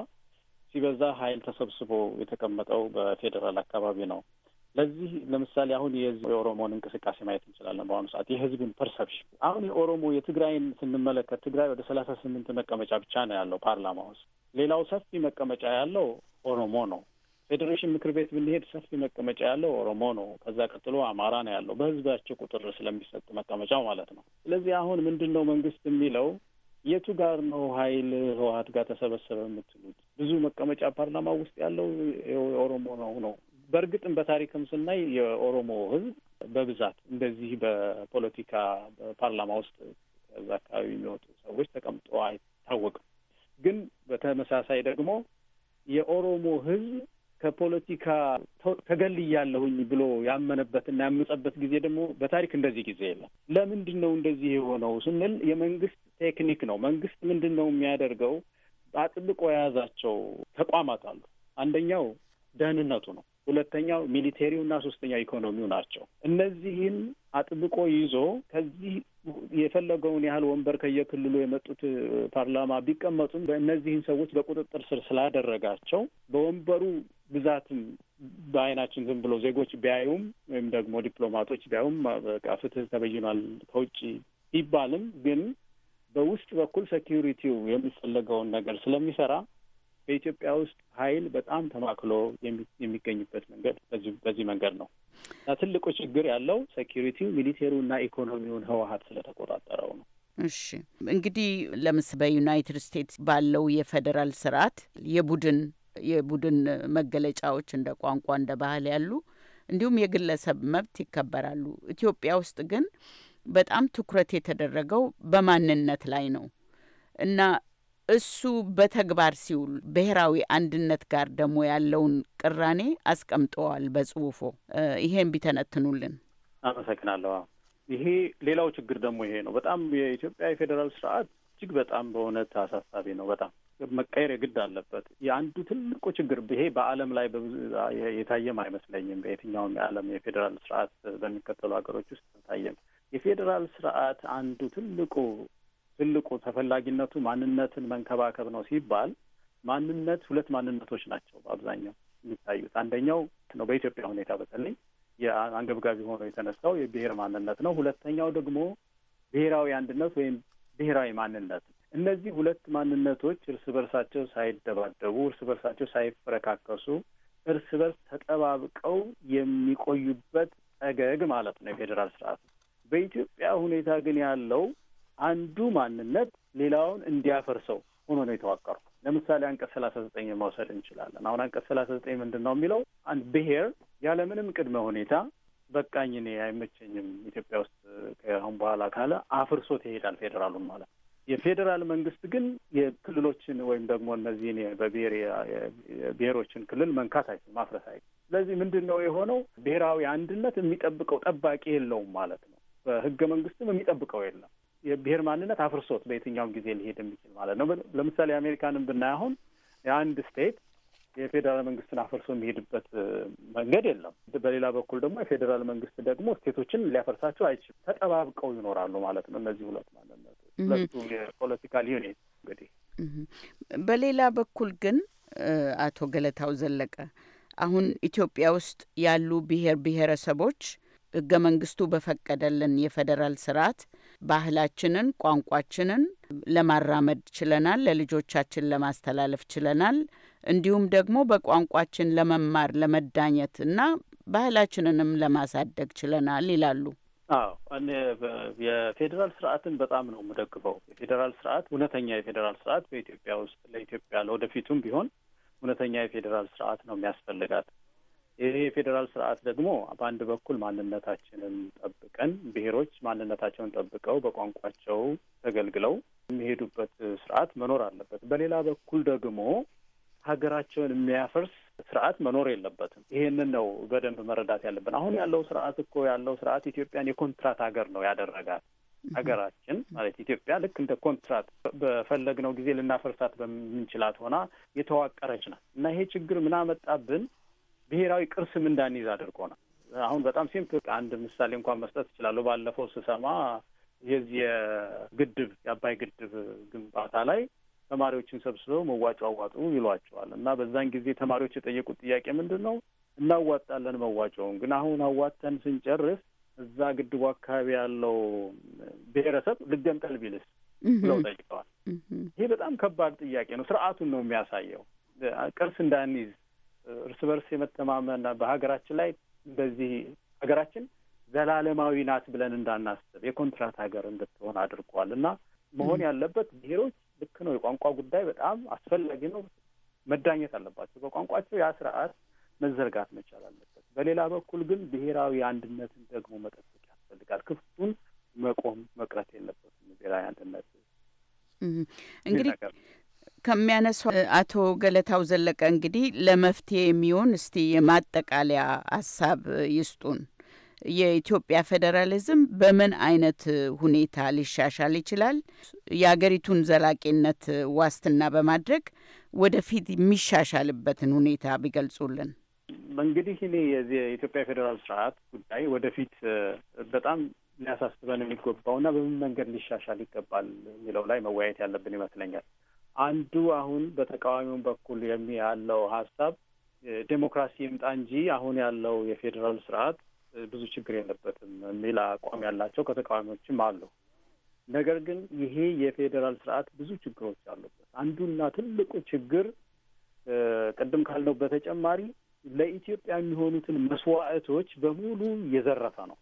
ሲበዛ ኃይል ተሰብስቦ የተቀመጠው በፌዴራል አካባቢ ነው። ለዚህ ለምሳሌ አሁን የኦሮሞን እንቅስቃሴ ማየት እንችላለን። በአሁኑ ሰዓት የህዝብን ፐርሰፕሽን አሁን የኦሮሞ የትግራይን ስንመለከት ትግራይ ወደ ሰላሳ ስምንት መቀመጫ ብቻ ነው ያለው ፓርላማ ውስጥ። ሌላው ሰፊ መቀመጫ ያለው ኦሮሞ ነው። ፌዴሬሽን ምክር ቤት ብንሄድ ሰፊ መቀመጫ ያለው ኦሮሞ ነው። ከዛ ቀጥሎ አማራ ነው ያለው በህዝባቸው ቁጥር ስለሚሰጥ መቀመጫው ማለት ነው። ስለዚህ አሁን ምንድን ነው መንግስት የሚለው የቱ ጋር ነው ኃይል ህወሀት ጋር ተሰበሰበ የምትሉት? ብዙ መቀመጫ ፓርላማ ውስጥ ያለው የኦሮሞ ነው ነው በእርግጥም በታሪክም ስናይ የኦሮሞ ህዝብ በብዛት እንደዚህ በፖለቲካ በፓርላማ ውስጥ ከዛ አካባቢ የሚወጡ ሰዎች ተቀምጦ አይታወቅም። ግን በተመሳሳይ ደግሞ የኦሮሞ ህዝብ ከፖለቲካ ተገልያለሁኝ ብሎ ያመነበትና ያመጸበት ጊዜ ደግሞ በታሪክ እንደዚህ ጊዜ የለም። ለምንድን ነው እንደዚህ የሆነው ስንል የመንግስት ቴክኒክ ነው። መንግስት ምንድን ነው የሚያደርገው? አጥብቆ የያዛቸው ተቋማት አሉ። አንደኛው ደህንነቱ ነው። ሁለተኛው ሚሊቴሪው እና ሶስተኛው ኢኮኖሚው ናቸው። እነዚህን አጥብቆ ይዞ ከዚህ የፈለገውን ያህል ወንበር ከየክልሉ የመጡት ፓርላማ ቢቀመጡም በእነዚህን ሰዎች በቁጥጥር ስር ስላደረጋቸው በወንበሩ ብዛትም በአይናችን ዝም ብሎ ዜጎች ቢያዩም ወይም ደግሞ ዲፕሎማቶች ቢያዩም በቃ ፍትህ ተበይኗል ከውጭ ቢባልም ግን በውስጥ በኩል ሴኪሪቲው የሚፈለገውን ነገር ስለሚሰራ በኢትዮጵያ ውስጥ ኃይል በጣም ተማክሎ የሚገኝበት መንገድ በዚህ መንገድ ነው እና ትልቁ ችግር ያለው ሴኪሪቲው፣ ሚሊቴሩ እና ኢኮኖሚውን ህወሀት ስለተቆጣጠረው ነው። እሺ እንግዲህ ለምስ በዩናይትድ ስቴትስ ባለው የፌዴራል ስርዓት የቡድን የቡድን መገለጫዎች እንደ ቋንቋ፣ እንደ ባህል ያሉ እንዲሁም የግለሰብ መብት ይከበራሉ። ኢትዮጵያ ውስጥ ግን በጣም ትኩረት የተደረገው በማንነት ላይ ነው እና እሱ በተግባር ሲውል ብሔራዊ አንድነት ጋር ደግሞ ያለውን ቅራኔ አስቀምጠዋል በጽሁፎ። ይሄን ቢተነትኑልን አመሰግናለሁ። ይሄ ሌላው ችግር ደግሞ ይሄ ነው። በጣም የኢትዮጵያ የፌዴራል ስርዓት እጅግ በጣም በእውነት አሳሳቢ ነው። በጣም መቀየር የግድ አለበት። የአንዱ ትልቁ ችግር ይሄ በዓለም ላይ የታየም አይመስለኝም። በየትኛውም የዓለም የፌዴራል ስርዓት በሚከተሉ ሀገሮች ውስጥ ታየም የፌዴራል ስርዓት አንዱ ትልቁ ትልቁ ተፈላጊነቱ ማንነትን መንከባከብ ነው ሲባል ማንነት ሁለት ማንነቶች ናቸው በአብዛኛው የሚታዩት። አንደኛው ነው በኢትዮጵያ ሁኔታ በተለይ የአንገብጋቢ ሆኖ የተነሳው የብሔር ማንነት ነው። ሁለተኛው ደግሞ ብሔራዊ አንድነት ወይም ብሔራዊ ማንነት። እነዚህ ሁለት ማንነቶች እርስ በርሳቸው ሳይደባደቡ፣ እርስ በርሳቸው ሳይፈረካከሱ፣ እርስ በርስ ተጠባብቀው የሚቆዩበት ጠገግ ማለት ነው የፌዴራል ስርዓት። በኢትዮጵያ ሁኔታ ግን ያለው አንዱ ማንነት ሌላውን እንዲያፈርሰው ሆኖ ነው የተዋቀሩ። ለምሳሌ አንቀጽ ሰላሳ ዘጠኝ መውሰድ እንችላለን። አሁን አንቀጽ ሰላሳ ዘጠኝ ምንድን ነው የሚለው? አንድ ብሔር ያለምንም ቅድመ ሁኔታ በቃኝ፣ እኔ አይመቸኝም ኢትዮጵያ ውስጥ ከአሁን በኋላ ካለ አፍርሶት ይሄዳል፣ ፌዴራሉን ማለት የፌዴራል መንግስት ግን የክልሎችን ወይም ደግሞ እነዚህን በብሔር ብሔሮችን ክልል መንካት አይችልም፣ ማፍረስ አይችልም። ስለዚህ ምንድን ነው የሆነው? ብሔራዊ አንድነት የሚጠብቀው ጠባቂ የለውም ማለት ነው። በህገ መንግስትም የሚጠብቀው የለም። የብሔር ማንነት አፍርሶት በየትኛውም ጊዜ ሊሄድ የሚችል ማለት ነው። ለምሳሌ አሜሪካንን ብናይ አሁን የአንድ ስቴት የፌዴራል መንግስትን አፈርሶ የሚሄድበት መንገድ የለም። በሌላ በኩል ደግሞ የፌዴራል መንግስት ደግሞ ስቴቶችን ሊያፈርሳቸው አይችልም። ተጠባብቀው ይኖራሉ ማለት ነው። እነዚህ ሁለት ማንነቱ ሁለቱ የፖለቲካል ዩኒት እንግዲህ በሌላ በኩል ግን አቶ ገለታው ዘለቀ አሁን ኢትዮጵያ ውስጥ ያሉ ብሔር ብሔረሰቦች ህገ መንግስቱ በፈቀደልን የፌዴራል ስርዓት ባህላችንን፣ ቋንቋችንን ለማራመድ ችለናል፣ ለልጆቻችን ለማስተላለፍ ችለናል። እንዲሁም ደግሞ በቋንቋችን ለመማር ለመዳኘት እና ባህላችንንም ለማሳደግ ችለናል ይላሉ። አዎ እኔ የፌዴራል ስርዓትን በጣም ነው የምደግፈው። የፌዴራል ስርዓት እውነተኛ የፌዴራል ስርዓት በኢትዮጵያ ውስጥ ለኢትዮጵያ ለወደፊቱም ቢሆን እውነተኛ የፌዴራል ስርዓት ነው የሚያስፈልጋት። ይህ የፌዴራል ስርዓት ደግሞ በአንድ በኩል ማንነታችንን ጠብቀን ብሔሮች ማንነታቸውን ጠብቀው በቋንቋቸው ተገልግለው የሚሄዱበት ስርዓት መኖር አለበት። በሌላ በኩል ደግሞ ሀገራቸውን የሚያፈርስ ስርዓት መኖር የለበትም። ይሄንን ነው በደንብ መረዳት ያለብን። አሁን ያለው ስርዓት እኮ ያለው ስርዓት ኢትዮጵያን የኮንትራት ሀገር ነው ያደረጋት። ሀገራችን ማለት ኢትዮጵያ ልክ እንደ ኮንትራት በፈለግነው ጊዜ ልናፈርሳት በምንችላት ሆና የተዋቀረች ናት እና ይሄ ችግር ምናመጣብን ብሔራዊ ቅርስም እንዳንይዝ አድርጎናል። አሁን በጣም ሲምፕል አንድ ምሳሌ እንኳን መስጠት እችላለሁ። ባለፈው ስሰማ የዚህ የግድብ የአባይ ግድብ ግንባታ ላይ ተማሪዎችን ሰብስበው መዋጮ አዋጡ ይሏቸዋል እና በዛን ጊዜ ተማሪዎች የጠየቁት ጥያቄ ምንድን ነው? እናዋጣለን መዋጮውን ግን አሁን አዋተን ስንጨርስ እዛ ግድቡ አካባቢ ያለው ብሔረሰብ ልገንጠል ቢልስ ብለው ጠይቀዋል። ይሄ በጣም ከባድ ጥያቄ ነው። ስርዓቱን ነው የሚያሳየው። ቅርስ እንዳንይዝ እርስ በርስ የመተማመን በሀገራችን ላይ በዚህ ሀገራችን ዘላለማዊ ናት ብለን እንዳናስብ የኮንትራት ሀገር እንድትሆን አድርጓል እና መሆን ያለበት ብሔሮች ልክ ነው። የቋንቋ ጉዳይ በጣም አስፈላጊ ነው። መዳኘት አለባቸው በቋንቋቸው። ያ ስርዓት መዘርጋት መቻል አለበት። በሌላ በኩል ግን ብሔራዊ አንድነትን ደግሞ መጠበቅ ያስፈልጋል። ክፍቱን መቆም መቅረት የለበትም ብሔራዊ አንድነት እንግዲህ ከሚያነሱ አቶ ገለታው ዘለቀ እንግዲህ ለመፍትሄ የሚሆን እስቲ የማጠቃለያ ሀሳብ ይስጡን። የኢትዮጵያ ፌዴራሊዝም በምን አይነት ሁኔታ ሊሻሻል ይችላል? የአገሪቱን ዘላቂነት ዋስትና በማድረግ ወደፊት የሚሻሻልበትን ሁኔታ ቢገልጹልን። እንግዲህ እኔ የዚህ የኢትዮጵያ ፌዴራል ስርዓት ጉዳይ ወደፊት በጣም ሊያሳስበን የሚገባውና በምን መንገድ ሊሻሻል ይገባል የሚለው ላይ መወያየት ያለብን ይመስለኛል። አንዱ አሁን በተቃዋሚውን በኩል ያለው ሀሳብ ዴሞክራሲ ይምጣ እንጂ አሁን ያለው የፌዴራል ስርዓት ብዙ ችግር የለበትም የሚል አቋም ያላቸው ከተቃዋሚዎችም አሉ። ነገር ግን ይሄ የፌዴራል ስርዓት ብዙ ችግሮች አሉበት። አንዱና ትልቁ ችግር ቅድም ካልነው በተጨማሪ ለኢትዮጵያ የሚሆኑትን መስዋዕቶች በሙሉ የዘረፈ ነው።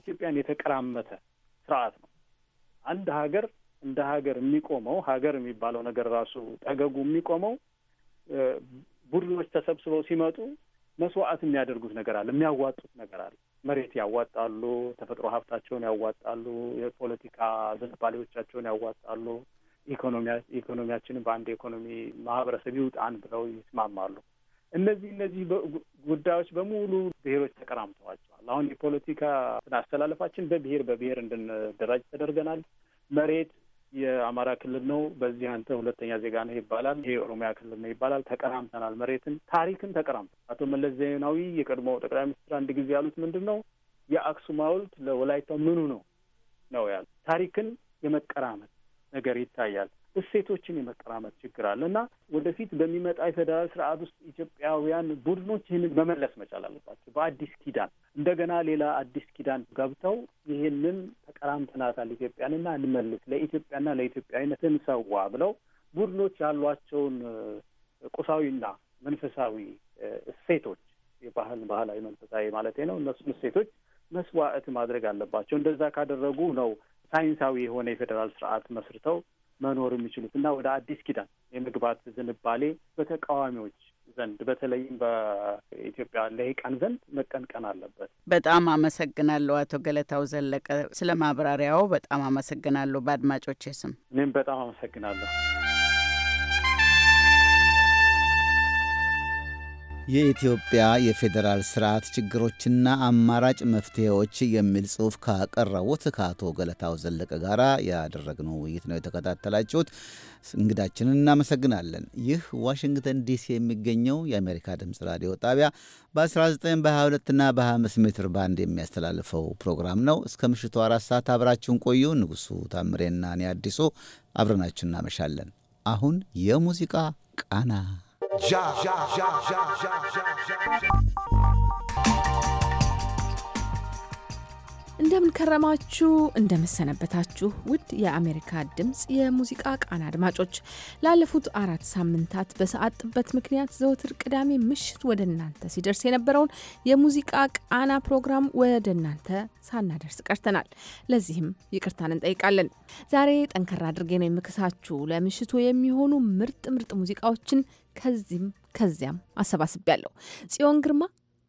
ኢትዮጵያን የተቀራመተ ስርዓት ነው። አንድ ሀገር እንደ ሀገር የሚቆመው ሀገር የሚባለው ነገር ራሱ ጠገጉ የሚቆመው ቡድኖች ተሰብስበው ሲመጡ መስዋዕት የሚያደርጉት ነገር አለ፣ የሚያዋጡት ነገር አለ። መሬት ያዋጣሉ፣ ተፈጥሮ ሀብታቸውን ያዋጣሉ፣ የፖለቲካ ዝንባሌዎቻቸውን ያዋጣሉ። ኢኮኖሚያችንን በአንድ ኢኮኖሚ ማህበረሰብ ይውጣን ብለው ይስማማሉ። እነዚህ እነዚህ ጉዳዮች በሙሉ ብሔሮች ተቀራምተዋቸዋል። አሁን የፖለቲካ አስተላለፋችን በብሔር በብሔር እንድንደራጅ ተደርገናል። መሬት የአማራ ክልል ነው፣ በዚህ አንተ ሁለተኛ ዜጋ ነህ ይባላል። ይሄ የኦሮሚያ ክልል ነው ይባላል። ተቀራምተናል፣ መሬትን ታሪክን ተቀራምተናል። አቶ መለስ ዜናዊ የቀድሞ ጠቅላይ ሚኒስትር አንድ ጊዜ ያሉት ምንድን ነው? የአክሱም ሐውልት ለወላይታ ምኑ ነው ነው ያሉት። ታሪክን የመቀራመት ነገር ይታያል። እሴቶችን የመቀራመት ችግር አለ እና ወደፊት በሚመጣ የፌዴራል ስርዓት ውስጥ ኢትዮጵያውያን ቡድኖች ይህንን መመለስ መቻል አለባቸው። በአዲስ ኪዳን እንደገና ሌላ አዲስ ኪዳን ገብተው ይህንን ተቀራምተናታል ኢትዮጵያንና እንመልስ፣ ለኢትዮጵያና ለኢትዮጵያዊነት እንሰዋ ብለው ቡድኖች ያሏቸውን ቁሳዊና መንፈሳዊ እሴቶች የባህል ባህላዊ መንፈሳዊ ማለት ነው። እነሱን እሴቶች መስዋዕት ማድረግ አለባቸው። እንደዛ ካደረጉ ነው ሳይንሳዊ የሆነ የፌዴራል ስርዓት መስርተው መኖር የሚችሉት እና ወደ አዲስ ኪዳን የመግባት ዝንባሌ በተቃዋሚዎች ዘንድ በተለይም በኢትዮጵያ ለሂቃን ዘንድ መቀንቀን አለበት። በጣም አመሰግናለሁ አቶ ገለታው ዘለቀ ስለ ማብራሪያው በጣም አመሰግናለሁ። በአድማጮች ስም እኔም በጣም አመሰግናለሁ። የኢትዮጵያ የፌዴራል ስርዓት ችግሮችና አማራጭ መፍትሄዎች የሚል ጽሑፍ ካቀረቡት ከአቶ ገለታው ዘለቀ ጋር ያደረግነው ውይይት ነው የተከታተላችሁት። እንግዳችንን እናመሰግናለን። ይህ ዋሽንግተን ዲሲ የሚገኘው የአሜሪካ ድምፅ ራዲዮ ጣቢያ በ19 በ22ና በ25 ሜትር ባንድ የሚያስተላልፈው ፕሮግራም ነው። እስከ ምሽቱ አራት ሰዓት አብራችሁን ቆዩ። ንጉሱ ታምሬና እኔ አዲሱ አብረናችሁ እናመሻለን። አሁን የሙዚቃ ቃና já, já, já, já, já, já, já. እንደምንከረማችሁ እንደምሰነበታችሁ ውድ የአሜሪካ ድምፅ የሙዚቃ ቃና አድማጮች ላለፉት አራት ሳምንታት በሰዓት ጥበት ምክንያት ዘወትር ቅዳሜ ምሽት ወደ እናንተ ሲደርስ የነበረውን የሙዚቃ ቃና ፕሮግራም ወደ እናንተ ሳናደርስ ቀርተናል። ለዚህም ይቅርታን እንጠይቃለን። ዛሬ ጠንከራ አድርጌ ነው የምክሳችሁ። ለምሽቱ የሚሆኑ ምርጥ ምርጥ ሙዚቃዎችን ከዚህም ከዚያም ያለው ጽዮን ግርማ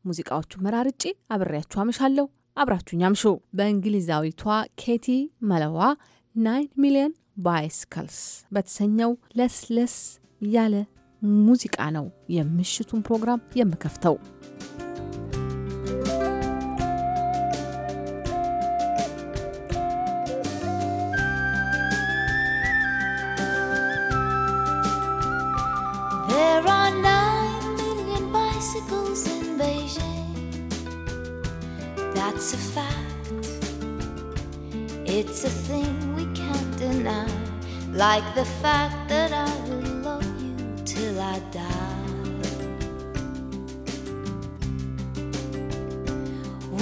ሙዚቃዎቹ መራርጬ አብሬያችሁ አመሻለሁ። አብራችሁኝ አምሹ። በእንግሊዛዊቷ ኬቲ መለዋ ናይን ሚሊዮን ባይስከልስ በተሰኘው ለስለስ ያለ ሙዚቃ ነው የምሽቱን ፕሮግራም የምከፍተው። It's a fact, it's a thing we can't deny. Like the fact that I will love you till I die.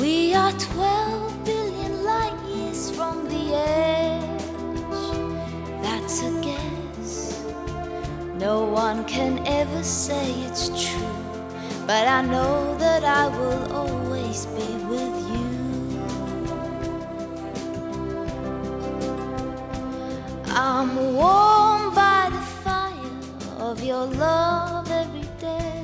We are 12 billion light years from the edge. That's a guess. No one can ever say it's true. But I know that I will always be I'm warmed by the fire of your love every day.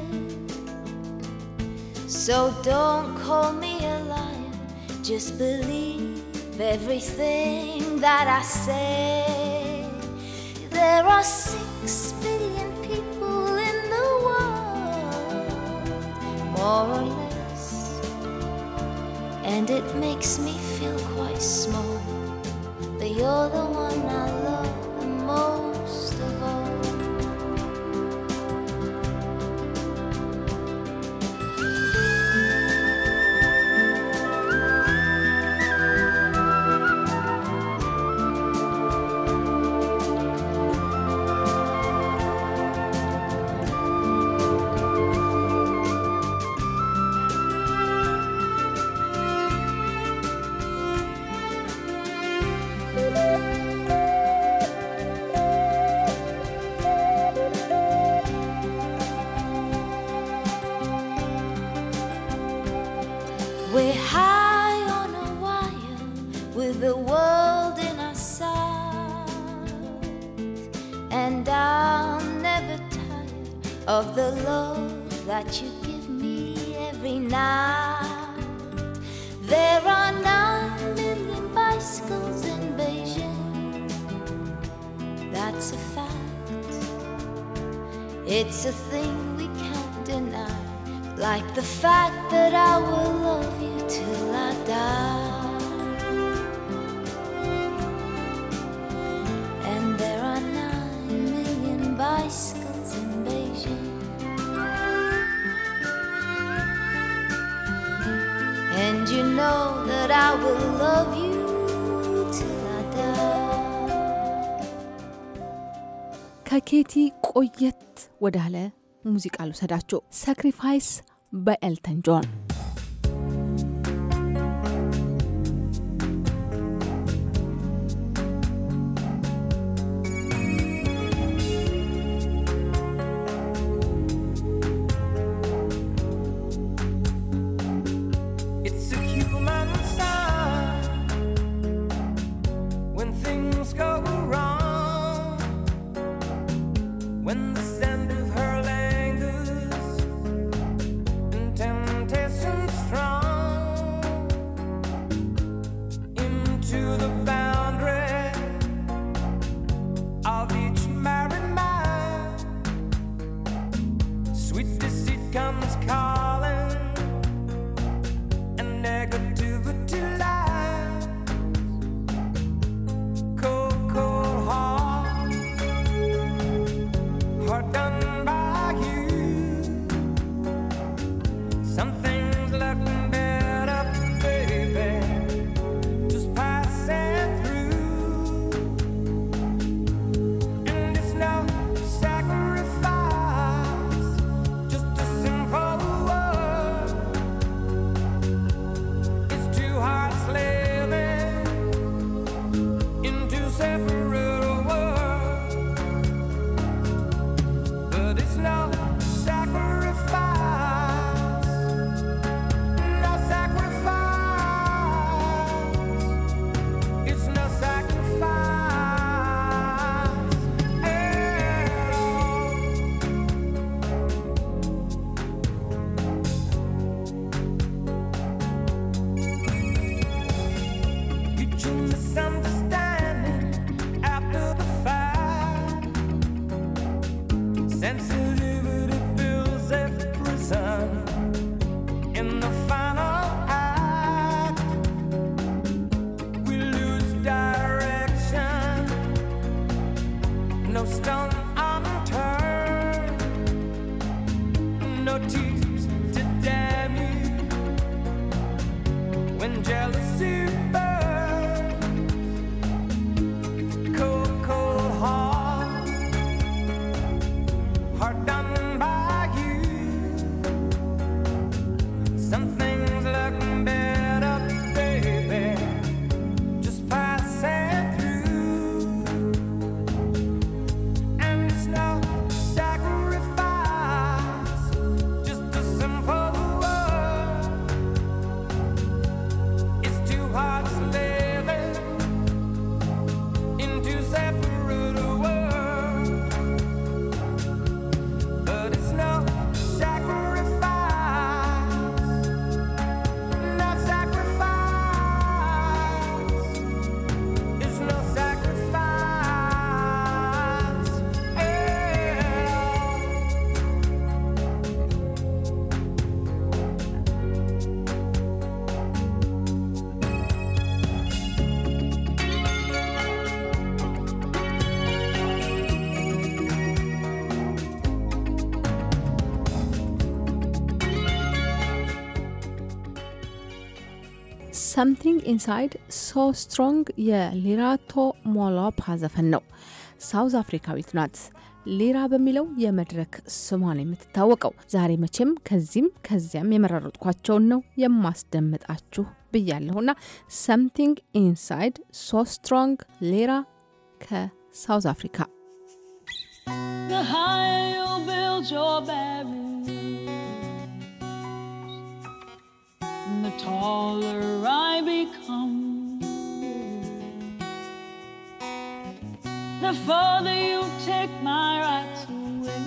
So don't call me a liar, just believe everything that I say. There are six billion people in the world, more or less, and it makes me feel quite small. But you're the one I love. ቆየት ወዳለ ሙዚቃ ልውሰዳችሁ። ሳክሪፋይስ በኤልተን ጆን ሰምቲንግ ኢንሳይድ ሶ ስትሮንግ የሊራቶ ሞሎፓ ዘፈን ነው። ሳውዝ አፍሪካዊት ናት። ሊራ በሚለው የመድረክ ስሟ ነው የምትታወቀው። ዛሬ መቼም ከዚህም ከዚያም የመረረጥኳቸውን ነው የማስደምጣችሁ ብያለሁና ሰምቲንግ ኢንሳይድ ሶ ስትሮንግ ሊራ ከሳውዝ አፍሪካ the taller I become. The further you take my rights away,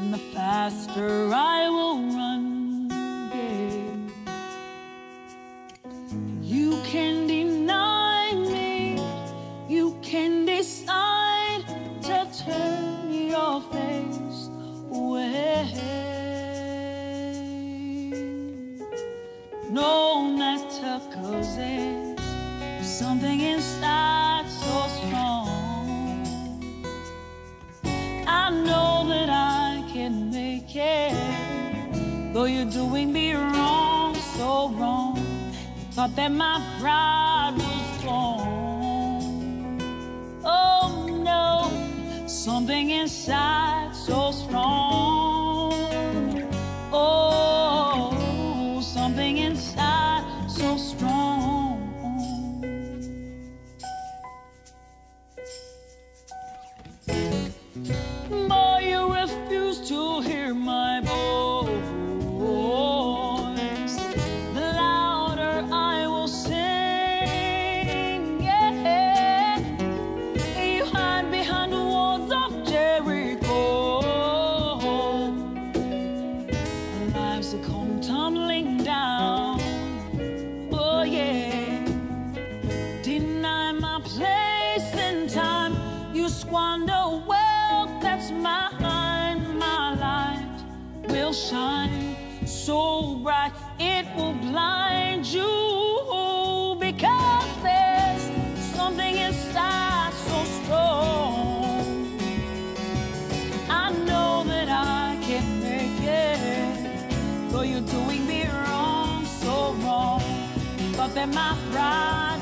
and the faster I will run. Something inside so strong. I know that I can make it. Though you're doing me wrong, so wrong. You thought that my pride was gone. Oh no, something inside so strong. shine so bright it will blind you because there's something inside so strong. I know that I can make it, though you're doing me wrong, so wrong. But then my pride.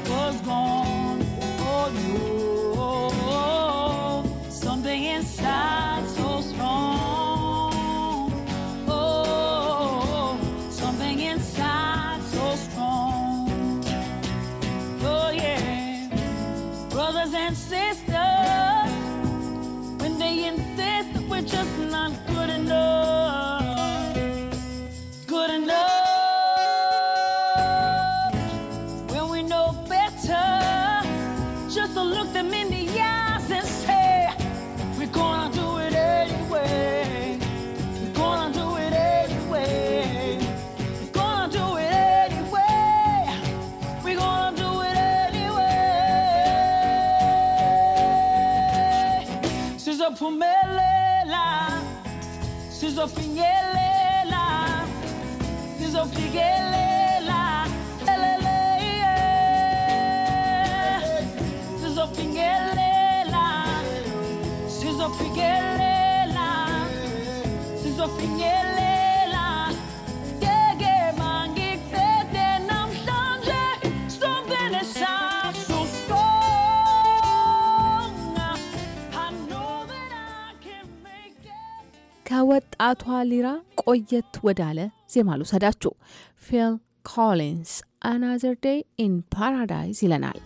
ከወጣቷ ሊራ ቆየት ወዳለ ዜማ ልውሰዳችሁ። ፊል ኮሊንስ አናዘር ዴይ ኢን ፓራዳይዝ ይለናል።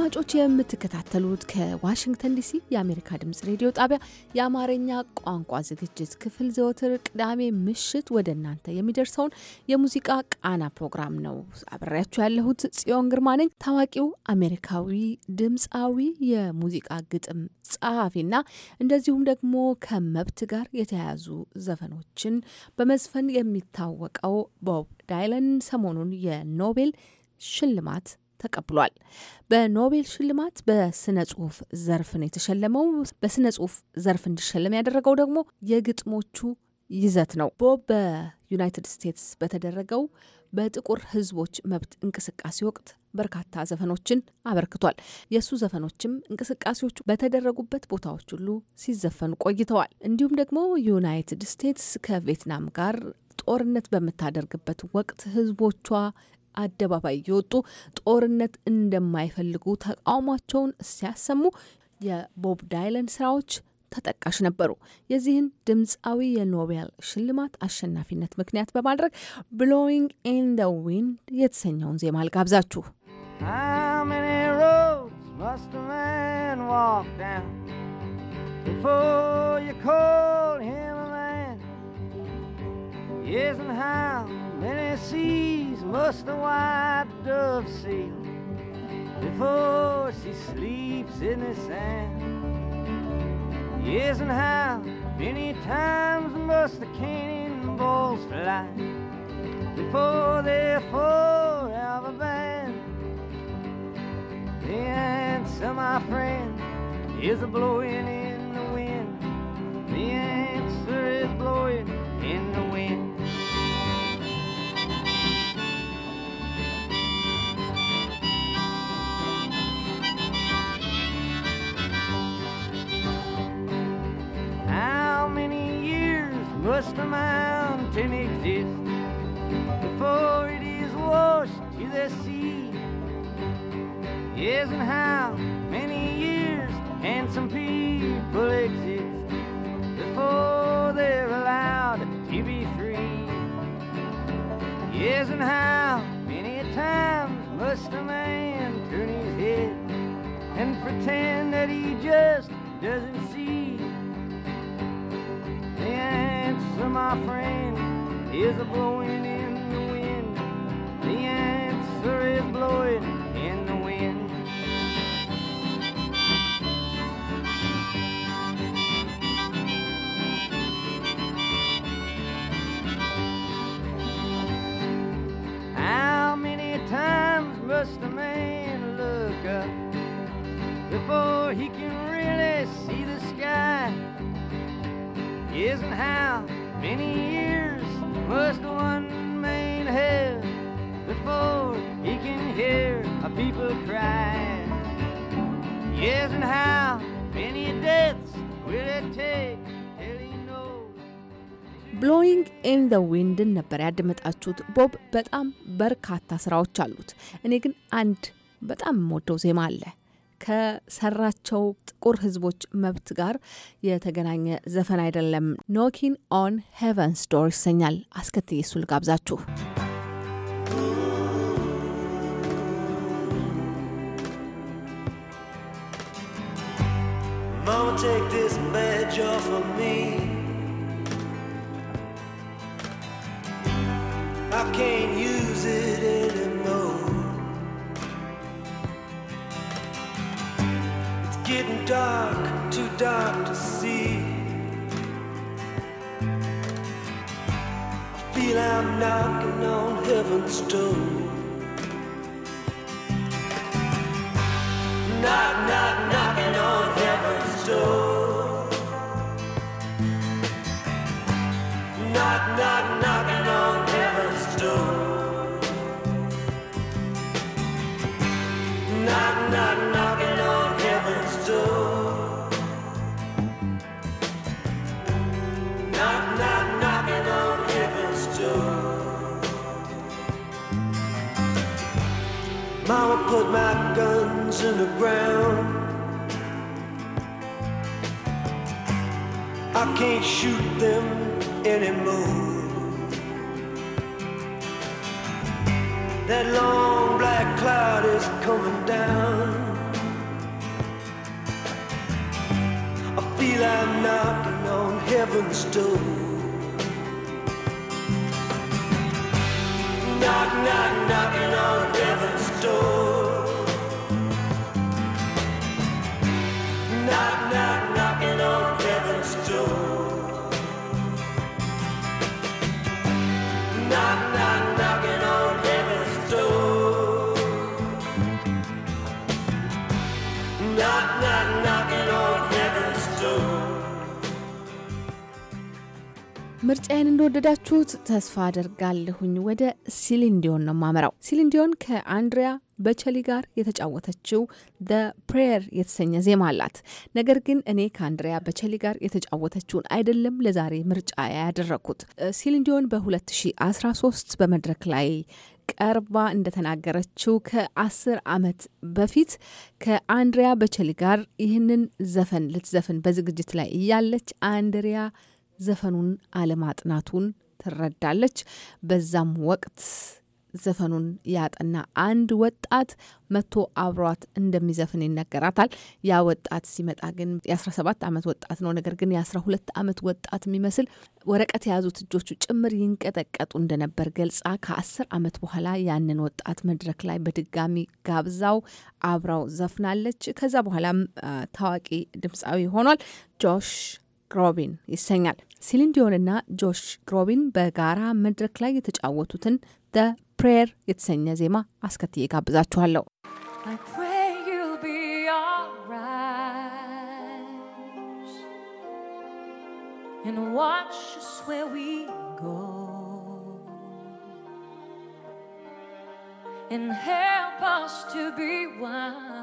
አድማጮች የምትከታተሉት ከዋሽንግተን ዲሲ የአሜሪካ ድምጽ ሬዲዮ ጣቢያ የአማርኛ ቋንቋ ዝግጅት ክፍል ዘወትር ቅዳሜ ምሽት ወደ እናንተ የሚደርሰውን የሙዚቃ ቃና ፕሮግራም ነው። አብሬያችሁ ያለሁት ጽዮን ግርማ ነኝ። ታዋቂው አሜሪካዊ ድምፃዊ የሙዚቃ ግጥም ጸሐፊና እንደዚሁም ደግሞ ከመብት ጋር የተያያዙ ዘፈኖችን በመዝፈን የሚታወቀው ቦብ ዳይለን ሰሞኑን የኖቤል ሽልማት ተቀብሏል። በኖቤል ሽልማት በስነ ጽሁፍ ዘርፍ ነው የተሸለመው። በስነ ጽሁፍ ዘርፍ እንዲሸለም ያደረገው ደግሞ የግጥሞቹ ይዘት ነው። ቦብ በዩናይትድ ስቴትስ በተደረገው በጥቁር ሕዝቦች መብት እንቅስቃሴ ወቅት በርካታ ዘፈኖችን አበርክቷል። የእሱ ዘፈኖችም እንቅስቃሴዎቹ በተደረጉበት ቦታዎች ሁሉ ሲዘፈኑ ቆይተዋል። እንዲሁም ደግሞ ዩናይትድ ስቴትስ ከቪየትናም ጋር ጦርነት በምታደርግበት ወቅት ህዝቦቿ አደባባይ እየወጡ ጦርነት እንደማይፈልጉ ተቃውሟቸውን ሲያሰሙ የቦብ ዳይለን ስራዎች ተጠቃሽ ነበሩ። የዚህን ድምፃዊ የኖቤል ሽልማት አሸናፊነት ምክንያት በማድረግ ብሎዊንግ ኢን ደ ዊንድ የተሰኘውን ዜማ አልጋብዛችሁ። Before you call him a man, yes, and how Then he sees must the white dove sail before she sleeps in the sand. Yes, and how many times must the cannonballs fly before they're out of The answer, my friend, is a blowing in the wind. The answer is blowing in the wind. must a mountain exist before it is washed to the sea? Yes, and how many years and some people exist before they're allowed to be free? Yes, and how many times must a man turn his head and pretend that he just doesn't see? Yeah answer, my friend, is a blowing in the wind. The answer is blowing in the wind. How many times must a man look up before he can really see the sky? Isn't how many years must one man have before he can hear a people cry? Yes, and how many deaths will it take? ብሎዊንግ ኢን ዘ ዊንድን ነበር ያደመጣችሁት። ቦብ በጣም በርካታ ስራዎች አሉት። እኔ ግን አንድ በጣም የምወደው ዜማ አለ ከሰራቸው ጥቁር ህዝቦች መብት ጋር የተገናኘ ዘፈን አይደለም። ኖኪን ኦን ሄቨንስ ዶር ይሰኛል። አስከትዬ እሱን ልጋብዛችሁ። Mama, take this badge off of me. I can't use it anymore. getting dark, too dark to see. I feel I'm knocking on heaven's door. Knock, knock, knocking on heaven's door. Knock, knock, knocking on put my guns in the ground. I can't shoot them anymore. That long black cloud is coming down. I feel I'm knocking on heaven's door. Knock, knock, knocking on heaven's door. not ምርጫዬን እንደወደዳችሁት ተስፋ አደርጋለሁኝ። ወደ ሲሊንዲዮን ነው ማመራው። ሲሊንዲዮን ከአንድሪያ በቸሊ ጋር የተጫወተችው ዘ ፕሬየር የተሰኘ ዜማ አላት። ነገር ግን እኔ ከአንድሪያ በቸሊ ጋር የተጫወተችውን አይደለም ለዛሬ ምርጫ ያደረግኩት። ሲሊንዲዮን በ2013 በመድረክ ላይ ቀርባ እንደተናገረችው ከአስር ዓመት በፊት ከአንድሪያ በቸሊ ጋር ይህንን ዘፈን ልትዘፍን በዝግጅት ላይ እያለች አንድሪያ ዘፈኑን አለማጥናቱን ትረዳለች። በዛም ወቅት ዘፈኑን ያጠና አንድ ወጣት መጥቶ አብሯት እንደሚዘፍን ይነገራታል። ያ ወጣት ሲመጣ ግን የ17 ዓመት ወጣት ነው። ነገር ግን የ12 ዓመት ወጣት የሚመስል ወረቀት የያዙት እጆቹ ጭምር ይንቀጠቀጡ እንደነበር ገልጻ ከ10 ዓመት በኋላ ያንን ወጣት መድረክ ላይ በድጋሚ ጋብዛው አብራው ዘፍናለች። ከዛ በኋላም ታዋቂ ድምፃዊ ሆኗል ጆሽ ግሮቢን ይሰኛል። ሲሊን ዲዮንና ጆሽ ግሮቢን በጋራ መድረክ ላይ የተጫወቱትን ደ ፕሬየር የተሰኘ ዜማ አስከትዬ ጋብዛችኋለሁ። And watch us where we go, and help us to be one.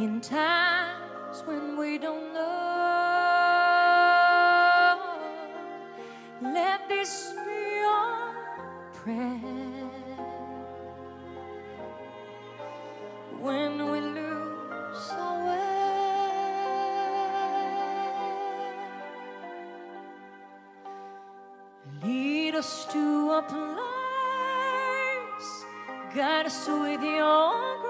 in times when we don't know. Let this be our prayer. When we lose our way, lead us to a place, guide us with your grace.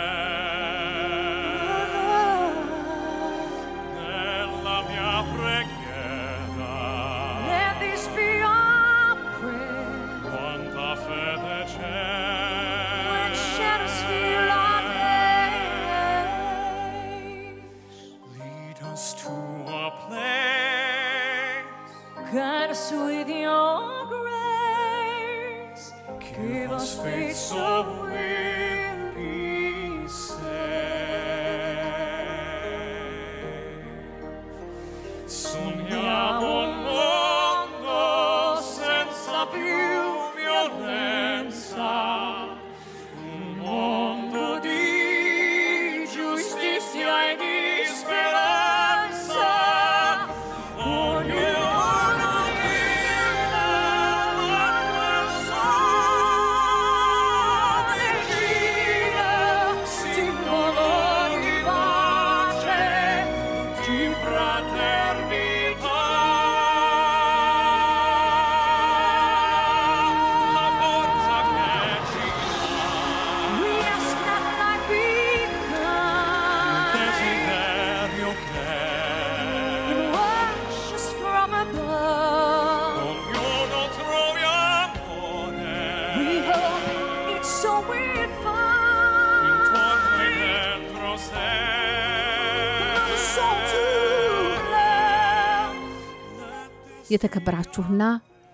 የተከበራችሁና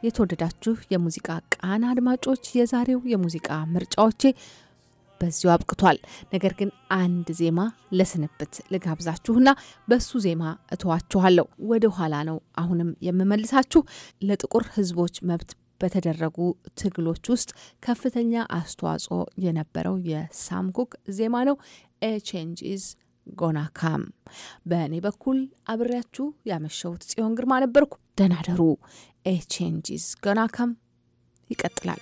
የተወደዳችሁ የሙዚቃ ቃና አድማጮች የዛሬው የሙዚቃ ምርጫዎቼ በዚሁ አብቅቷል። ነገር ግን አንድ ዜማ ለስንብት ልጋብዛችሁና በሱ ዜማ እተዋችኋለሁ። ወደ ኋላ ነው አሁንም የምመልሳችሁ። ለጥቁር ሕዝቦች መብት በተደረጉ ትግሎች ውስጥ ከፍተኛ አስተዋጽኦ የነበረው የሳምኩክ ዜማ ነው ኤ ቼንጅ ኢዝ ጎናካም። በእኔ በኩል አብሬያችሁ ያመሸሁት ጽዮን ግርማ ነበርኩ። ደናደሩ ደሩ። ኤ ቼንጅስ ጎናካም ይቀጥላል።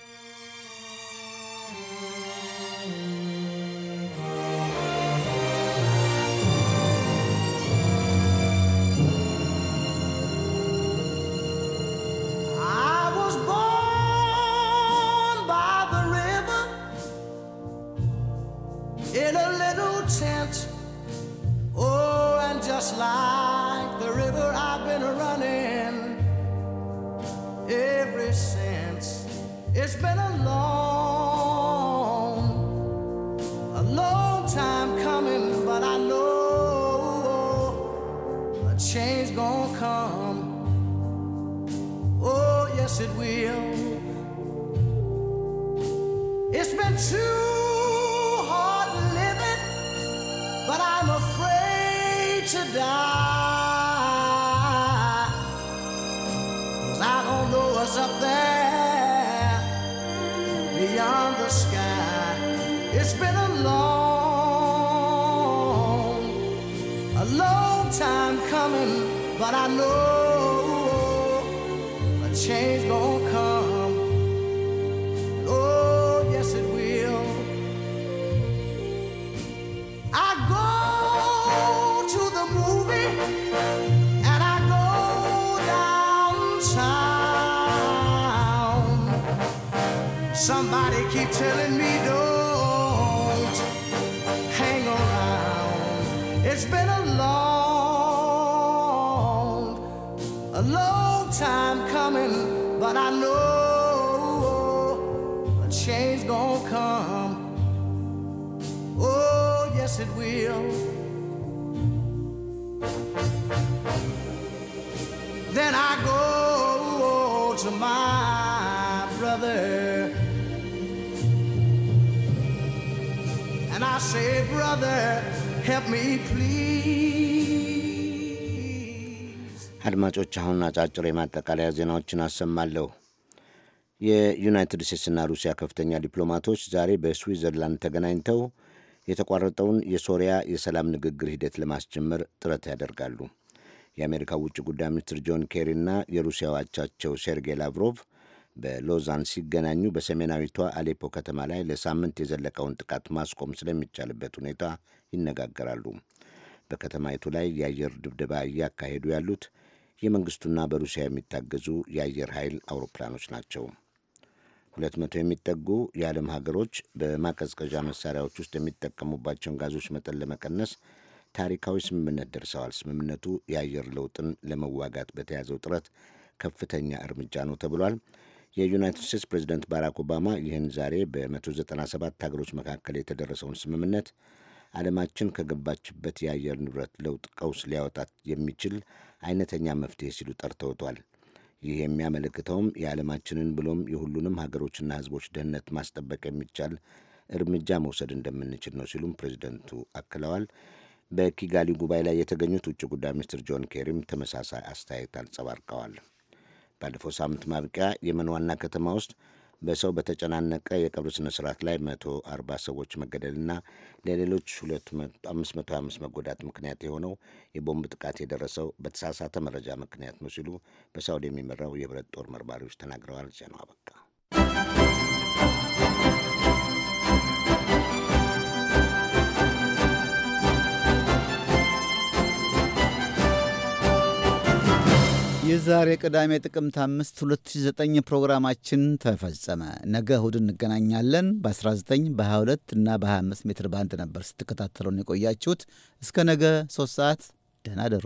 just like the river I've been running ever since. It's been a long, a long time coming, but I know a change gonna come. Oh, yes, it will. It's been too change gonna come. Oh, yes, it will. I go to the movie and I go downtown. Somebody keep telling me. But I know a change gonna come. Oh, yes, it will. Then I go to my brother. And I say, brother, help me please. አድማጮች አሁን አጫጭር የማጠቃለያ ዜናዎችን አሰማለሁ። የዩናይትድ ስቴትስና ሩሲያ ከፍተኛ ዲፕሎማቶች ዛሬ በስዊዘርላንድ ተገናኝተው የተቋረጠውን የሶሪያ የሰላም ንግግር ሂደት ለማስጀመር ጥረት ያደርጋሉ። የአሜሪካ ውጭ ጉዳይ ሚኒስትር ጆን ኬሪ እና የሩሲያ አቻቸው ሴርጌይ ላቭሮቭ በሎዛን ሲገናኙ በሰሜናዊቷ አሌፖ ከተማ ላይ ለሳምንት የዘለቀውን ጥቃት ማስቆም ስለሚቻልበት ሁኔታ ይነጋገራሉ። በከተማይቱ ላይ የአየር ድብደባ እያካሄዱ ያሉት የመንግስቱና በሩሲያ የሚታገዙ የአየር ኃይል አውሮፕላኖች ናቸው። ሁለት መቶ የሚጠጉ የዓለም ሀገሮች በማቀዝቀዣ መሳሪያዎች ውስጥ የሚጠቀሙባቸውን ጋዞች መጠን ለመቀነስ ታሪካዊ ስምምነት ደርሰዋል። ስምምነቱ የአየር ለውጥን ለመዋጋት በተያዘው ጥረት ከፍተኛ እርምጃ ነው ተብሏል። የዩናይትድ ስቴትስ ፕሬዚደንት ባራክ ኦባማ ይህን ዛሬ በ197 ሀገሮች መካከል የተደረሰውን ስምምነት ዓለማችን ከገባችበት የአየር ንብረት ለውጥ ቀውስ ሊያወጣት የሚችል አይነተኛ መፍትሄ ሲሉ ጠርተውቷል። ይህ የሚያመለክተውም የዓለማችንን ብሎም የሁሉንም ሀገሮችና ሕዝቦች ደህንነት ማስጠበቅ የሚቻል እርምጃ መውሰድ እንደምንችል ነው ሲሉም ፕሬዚደንቱ አክለዋል። በኪጋሊ ጉባኤ ላይ የተገኙት ውጭ ጉዳይ ሚኒስትር ጆን ኬሪም ተመሳሳይ አስተያየት አንጸባርቀዋል። ባለፈው ሳምንት ማብቂያ የመን ዋና ከተማ ውስጥ በሰው በተጨናነቀ የቀብር ስነ ስርዓት ላይ 140 ሰዎች መገደልና ለሌሎች 255 መጎዳት ምክንያት የሆነው የቦምብ ጥቃት የደረሰው በተሳሳተ መረጃ ምክንያት ነው ሲሉ በሳውዲ የሚመራው የህብረት ጦር መርማሪዎች ተናግረዋል። ዜናው አበቃ። የዛሬ ቅዳሜ ጥቅምት 5 2009 ፕሮግራማችን ተፈጸመ። ነገ እሁድ እንገናኛለን። በ19 በ22 እና በ25 ሜትር ባንድ ነበር ስትከታተሉን የቆያችሁት። እስከ ነገ 3 ሰዓት ደህና ደሩ።